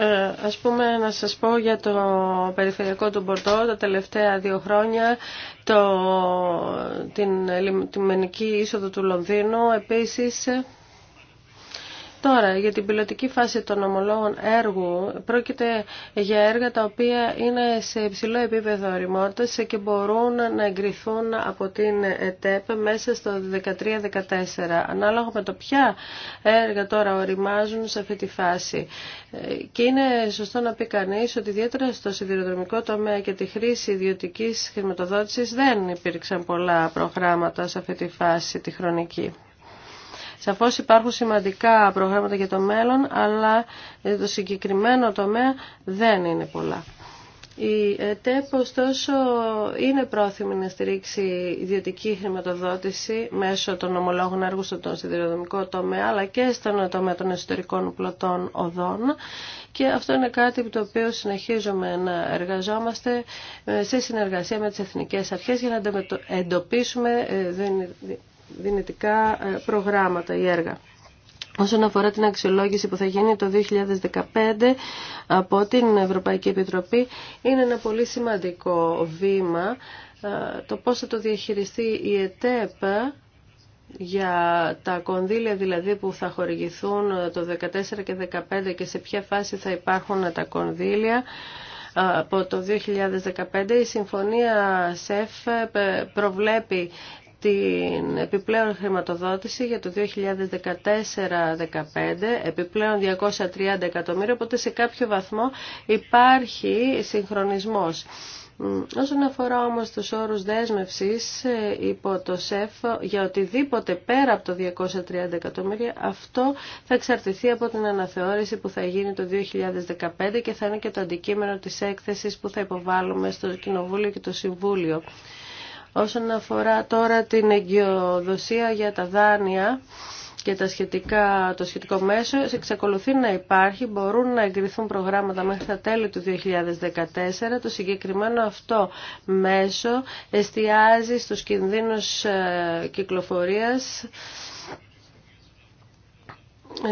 Ε, ας πούμε να σας πω για το περιφερειακό του Μπορτό τα τελευταία δύο χρόνια το, την λιμενική είσοδο του Λονδίνου επίσης Τώρα, για την πιλωτική φάση των ομολόγων έργου, πρόκειται για έργα τα οποία είναι σε υψηλό επίπεδο οριμότητα και μπορούν να εγκριθούν από την ΕΤΕΠ μέσα στο 2013 14 ανάλογα με το ποια έργα τώρα οριμάζουν σε αυτή τη φάση. Και είναι σωστό να πει κανεί ότι ιδιαίτερα στο σιδηροδρομικό τομέα και τη χρήση ιδιωτική χρηματοδότηση δεν υπήρξαν πολλά προγράμματα σε αυτή τη φάση τη χρονική. Σαφώς υπάρχουν σημαντικά προγράμματα για το μέλλον, αλλά το συγκεκριμένο τομέα δεν είναι πολλά. Η ΕΤΕΠ, ωστόσο, είναι πρόθυμη να στηρίξει ιδιωτική χρηματοδότηση μέσω των ομολόγων έργου στον σιδηροδρομικό τομέα, αλλά και στον τομέα των εσωτερικών πλωτών οδών. Και αυτό είναι κάτι που το οποίο συνεχίζουμε να εργαζόμαστε ε, σε συνεργασία με τις εθνικές αρχές για να εντοπίσουμε ε, δυνητικά ε, προγράμματα ή έργα. Όσον αφορά την αξιολόγηση που θα γίνει το 2015 από την Ευρωπαϊκή Επιτροπή, είναι ένα πολύ σημαντικό βήμα ε, το πώς θα το διαχειριστεί η ΕΤΕΠ ε, για τα κονδύλια δηλαδή που θα χορηγηθούν το 2014 και 2015 και σε ποια φάση θα υπάρχουν τα κονδύλια από το 2015 η συμφωνία ΣΕΦ προβλέπει την επιπλέον χρηματοδότηση για το 2014-2015, επιπλέον 230 εκατομμύρια, οπότε σε κάποιο βαθμό υπάρχει συγχρονισμός. Όσον αφορά όμως τους όρους δέσμευσης ε, υπό το ΣΕΦ για οτιδήποτε πέρα από το 230 εκατομμύρια, αυτό θα εξαρτηθεί από την αναθεώρηση που θα γίνει το 2015 και θα είναι και το αντικείμενο της έκθεσης που θα υποβάλουμε στο Κοινοβούλιο και το Συμβούλιο. Όσον αφορά τώρα την εγκυοδοσία για τα δάνεια και τα σχετικά, το σχετικό μέσο εξακολουθεί να υπάρχει, μπορούν να εγκριθούν προγράμματα μέχρι τα τέλη του 2014. Το συγκεκριμένο αυτό μέσο εστιάζει στους κινδύνους ε, κυκλοφορίας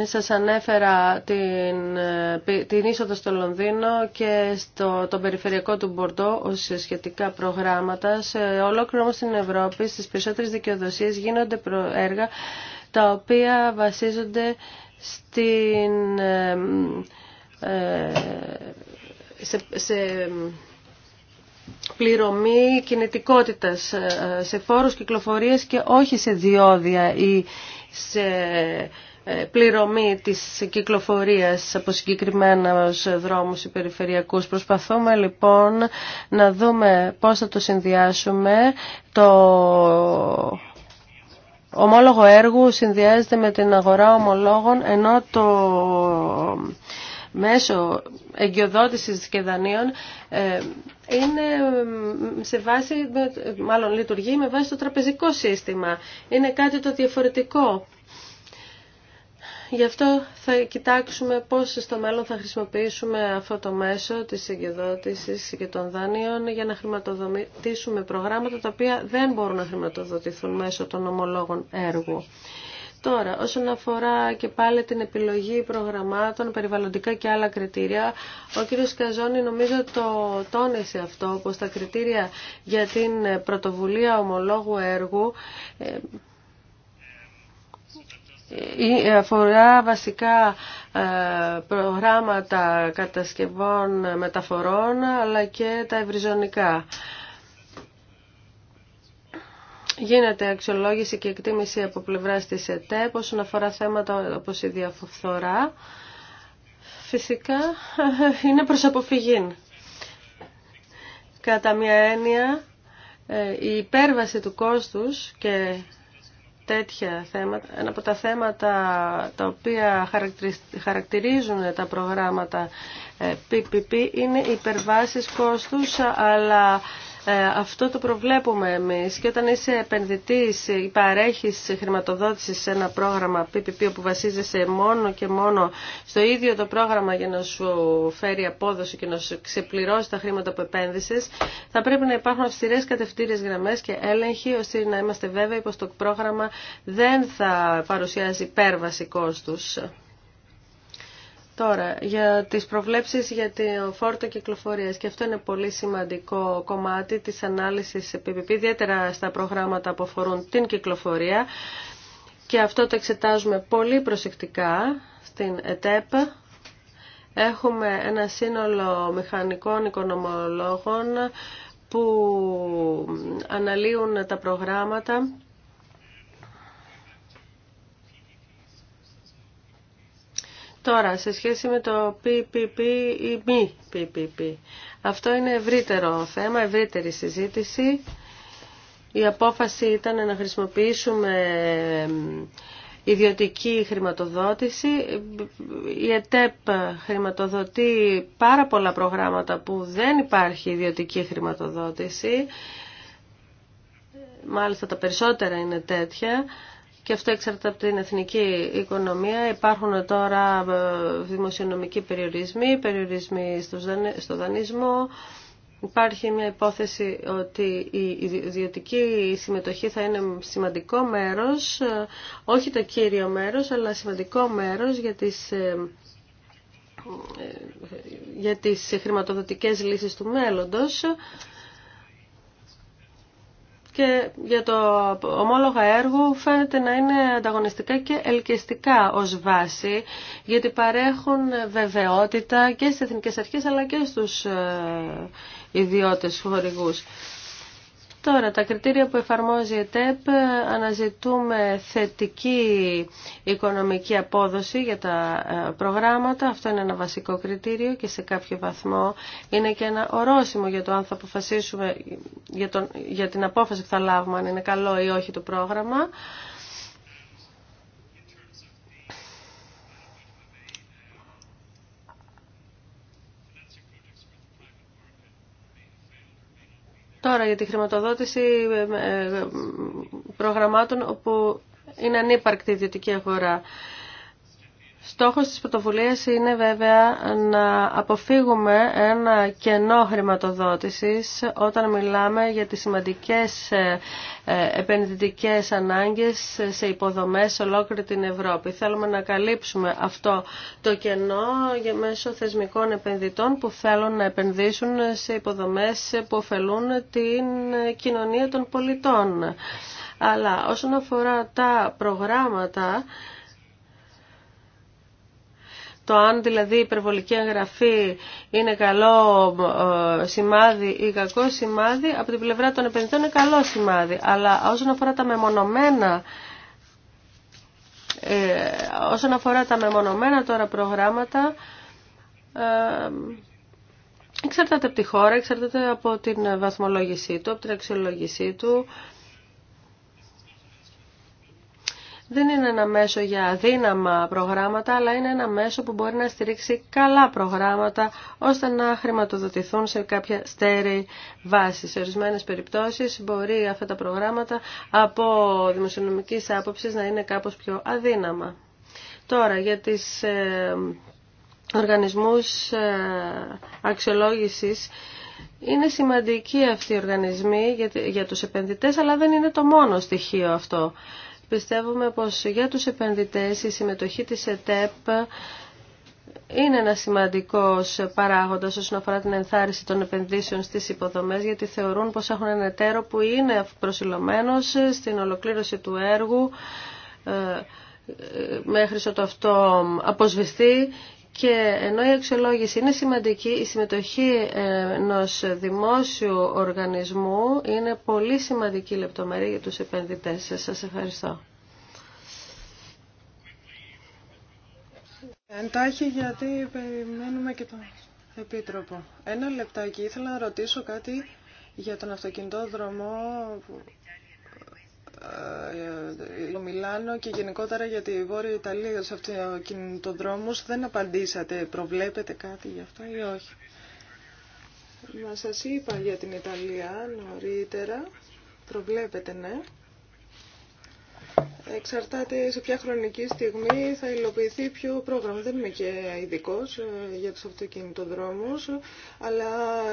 σας ανέφερα την, την είσοδο στο Λονδίνο και στο το περιφερειακό του Μπορντό ως σχετικά προγράμματα. Σε ολόκληρο όμως στην Ευρώπη στις περισσότερες δικαιοδοσίες γίνονται έργα τα οποία βασίζονται στην, ε, σε, σε πληρωμή κινητικότητας, ε, σε φόρους κυκλοφορίας και όχι σε διόδια ή σε ε, πληρωμή της κυκλοφορίας από συγκεκριμένους δρόμους ή περιφερειακούς. Προσπαθούμε λοιπόν να δούμε πώς θα το συνδυάσουμε. Το ομόλογο έργου συνδυάζεται με την αγορά ομολόγων ενώ το μέσο εγκυοδότησης και δανείων ε, είναι σε βάση, μάλλον λειτουργεί με βάση το τραπεζικό σύστημα. Είναι κάτι το διαφορετικό Γι' αυτό θα κοιτάξουμε πώς στο μέλλον θα χρησιμοποιήσουμε αυτό το μέσο της εγκυδότησης και των δάνειων για να χρηματοδοτήσουμε προγράμματα τα οποία δεν μπορούν να χρηματοδοτηθούν μέσω των ομολόγων έργου. Τώρα, όσον αφορά και πάλι την επιλογή προγραμμάτων, περιβαλλοντικά και άλλα κριτήρια, ο κ. Καζόνη νομίζω το τόνισε αυτό, πως τα κριτήρια για την πρωτοβουλία ομολόγου έργου ε, αφορά βασικά ε, προγράμματα κατασκευών μεταφορών αλλά και τα ευρυζωνικά. Γίνεται αξιολόγηση και εκτίμηση από πλευρά της ΕΤΕΠ όσον αφορά θέματα όπως η διαφθορά. Φυσικά <laughs> είναι προς αποφυγή. Κατά μια έννοια ε, η υπέρβαση του κόστους και τέτοια θέματα, ένα από τα θέματα τα οποία χαρακτηρίζουν τα προγράμματα PPP ε, είναι υπερβάσεις κόστους αλλά ε, αυτό το προβλέπουμε εμείς και όταν είσαι επενδυτής ή παρέχεις χρηματοδότηση σε ένα πρόγραμμα PPP που βασίζεσαι μόνο και μόνο στο ίδιο το πρόγραμμα για να σου φέρει απόδοση και να σου ξεπληρώσει τα χρήματα που επένδυσες θα πρέπει να υπάρχουν αυστηρές κατευθύνες γραμμές και έλεγχοι ώστε να είμαστε βέβαιοι πως το πρόγραμμα δεν θα παρουσιάζει υπέρβαση κόστους. Τώρα, για τις προβλέψεις για τη φόρτο κυκλοφορίας και αυτό είναι πολύ σημαντικό κομμάτι της ανάλυσης PPP, ιδιαίτερα στα προγράμματα που αφορούν την κυκλοφορία και αυτό το εξετάζουμε πολύ προσεκτικά στην ΕΤΕΠ. Έχουμε ένα σύνολο μηχανικών οικονομολόγων που αναλύουν τα προγράμματα Τώρα, σε σχέση με το PPP ή μη PPP. Αυτό είναι ευρύτερο θέμα, ευρύτερη συζήτηση. Η απόφαση ήταν να χρησιμοποιήσουμε ιδιωτική χρηματοδότηση. Η ΕΤΕΠ χρηματοδοτεί πάρα πολλά προγράμματα που δεν υπάρχει ιδιωτική χρηματοδότηση. Μάλιστα τα περισσότερα είναι τέτοια και αυτό εξαρτάται από την εθνική οικονομία. Υπάρχουν τώρα ε, δημοσιονομικοί περιορισμοί, περιορισμοί στο δανεισμό. Υπάρχει μια υπόθεση ότι η ιδιωτική συμμετοχή θα είναι σημαντικό μέρος, ε, όχι το κύριο μέρος, αλλά σημαντικό μέρος για τις, ε, για τις χρηματοδοτικές λύσεις του μέλλοντος και για το ομόλογα έργο φαίνεται να είναι ανταγωνιστικά και ελκυστικά ως βάση γιατί παρέχουν βεβαιότητα και στις εθνικές αρχές αλλά και στους ε, ιδιώτες χορηγούς. Τώρα, τα κριτήρια που εφαρμόζει η ΕΤΕΠ αναζητούμε θετική οικονομική απόδοση για τα ε, προγράμματα. Αυτό είναι ένα βασικό κριτήριο και σε κάποιο βαθμό είναι και ένα ορόσημο για το αν θα αποφασίσουμε για, τον, για την απόφαση που θα λάβουμε αν είναι καλό ή όχι το πρόγραμμα. για τη χρηματοδότηση ε, ε, ε, προγραμμάτων όπου είναι ανύπαρκτη η ιδιωτική αγορά. Στόχος της πρωτοβουλίας είναι βέβαια να αποφύγουμε ένα κενό χρηματοδότησης όταν μιλάμε για τις σημαντικές ε, ε, επενδυτικές ανάγκες σε υποδομές σε ολόκληρη την Ευρώπη. Θέλουμε να καλύψουμε αυτό το κενό μέσω θεσμικών επενδυτών που θέλουν να επενδύσουν σε υποδομές που ωφελούν την κοινωνία των πολιτών. Αλλά όσον αφορά τα προγράμματα, το αν δηλαδή η υπερβολική εγγραφή είναι καλό ε, σημάδι ή κακό σημάδι, από την πλευρά των επενδυτών είναι καλό σημάδι. Αλλά όσον αφορά τα μεμονωμένα, ε, όσον αφορά τα μεμονωμένα τώρα προγράμματα, ε, εξαρτάται από τη χώρα, εξαρτάται από την βαθμολόγησή του, από την αξιολόγησή του, δεν είναι ένα μέσο για αδύναμα προγράμματα, αλλά είναι ένα μέσο που μπορεί να στηρίξει καλά προγράμματα, ώστε να χρηματοδοτηθούν σε κάποια στέρεη βάση. Σε ορισμένες περιπτώσεις μπορεί αυτά τα προγράμματα από δημοσιονομικής άποψης να είναι κάπως πιο αδύναμα. Τώρα, για τις ε, οργανισμούς ε, αξιολόγησης, είναι σημαντικοί αυτοί οι οργανισμοί για τους επενδυτές, αλλά δεν είναι το μόνο στοιχείο αυτό. Πιστεύουμε πως για τους επενδυτές η συμμετοχή της ΕΤΕΠ είναι ένα σημαντικός παράγοντα όσον αφορά την ενθάρρυνση των επενδύσεων στις υποδομές γιατί θεωρούν πως έχουν ένα εταίρο που είναι προσιλωμένο στην ολοκλήρωση του έργου ε, ε, μέχρι ότου αυτό αποσβηθεί και ενώ η αξιολόγηση είναι σημαντική, η συμμετοχή ενό δημόσιου οργανισμού είναι πολύ σημαντική λεπτομέρεια για τους επενδυτές. Σας ευχαριστώ. Εντάχει γιατί περιμένουμε και τον Επίτροπο. Ένα λεπτάκι. Ήθελα να ρωτήσω κάτι για τον αυτοκινητόδρομο το ε, ε, Μιλάνο και γενικότερα για τη Βόρεια Ιταλία σε δρόμους δεν απαντήσατε. Προβλέπετε κάτι γι' αυτό ή όχι. Μα σας είπα για την Ιταλία νωρίτερα. Προβλέπετε, ναι. Εξαρτάται σε ποια χρονική στιγμή θα υλοποιηθεί ποιο πρόγραμμα. Δεν είμαι και ειδικό ε, για τους αυτοκινητοδρόμου, αλλά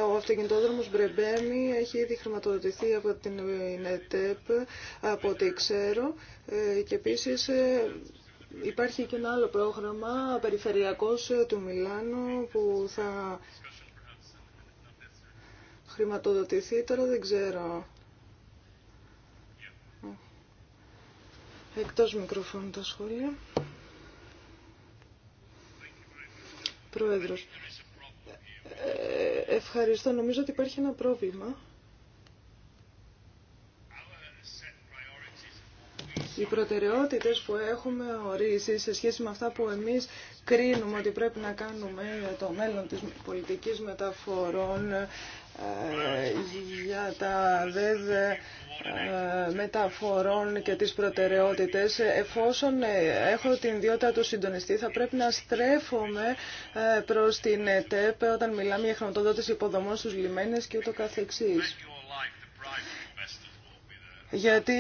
ο αυτοκινητόδρομος Μπρεμπέμι έχει ήδη χρηματοδοτηθεί από την ΕΤΕΠ, από ό,τι ξέρω, ε, και επίσης ε, υπάρχει και ένα άλλο πρόγραμμα, περιφερειακός του Μιλάνου, που θα χρηματοδοτηθεί, τώρα δεν ξέρω Εκτός μικροφώνου τα σχόλια. Πρόεδρος, ε, ευχαριστώ. Νομίζω ότι υπάρχει ένα πρόβλημα. Οι προτεραιότητες που έχουμε ορίσει σε σχέση με αυτά που εμείς κρίνουμε ότι πρέπει να κάνουμε το μέλλον της πολιτικής μεταφορών, ε, για τα βέβαια ε, μεταφορών και τις προτεραιότητες. Εφόσον ε, έχω την ιδιότητα του συντονιστή θα πρέπει να στρέφομαι ε, προς την ΕΤΕΠ όταν μιλάμε για χρηματοδότηση υποδομών στους λιμένες και ούτω καθεξής γιατί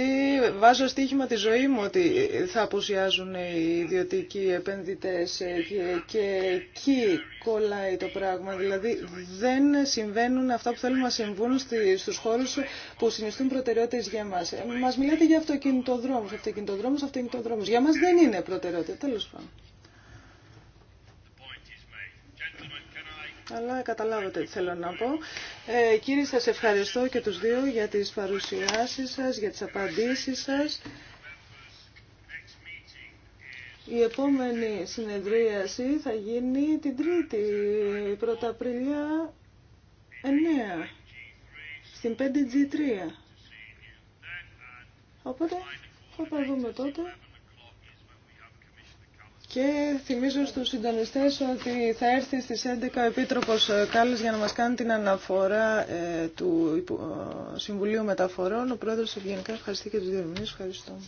βάζω στοίχημα τη ζωή μου ότι θα απουσιάζουν οι ιδιωτικοί επενδυτές ε, και, και εκεί κολλάει το πράγμα. Δηλαδή δεν συμβαίνουν αυτά που θέλουμε να συμβούν στους χώρους που συνιστούν προτεραιότητες για μας. Ε, μας μιλάτε για αυτοκινητοδρόμους, αυτοκινητοδρόμους, αυτοκινητοδρόμους. Για μας δεν είναι προτεραιότητα, τέλος πάντων. αλλά καταλάβατε τι θέλω να πω. Ε, κύριοι, σας ευχαριστώ και τους δύο για τις παρουσιάσεις σας, για τις απαντήσεις σας. Η επόμενη συνεδρίαση θα γίνει την Τρίτη, 1η Απριλιά, 9, στην 5G3. Οπότε θα τα δούμε τότε. Και θυμίζω στους συντονιστές ότι θα έρθει στις 11 ο Επίτροπος Κάλλης για να μας κάνει την αναφορά ε, του Συμβουλίου Μεταφορών. Ο Πρόεδρος ευγενικά ευχαριστεί και τους δύο Ευχαριστώ.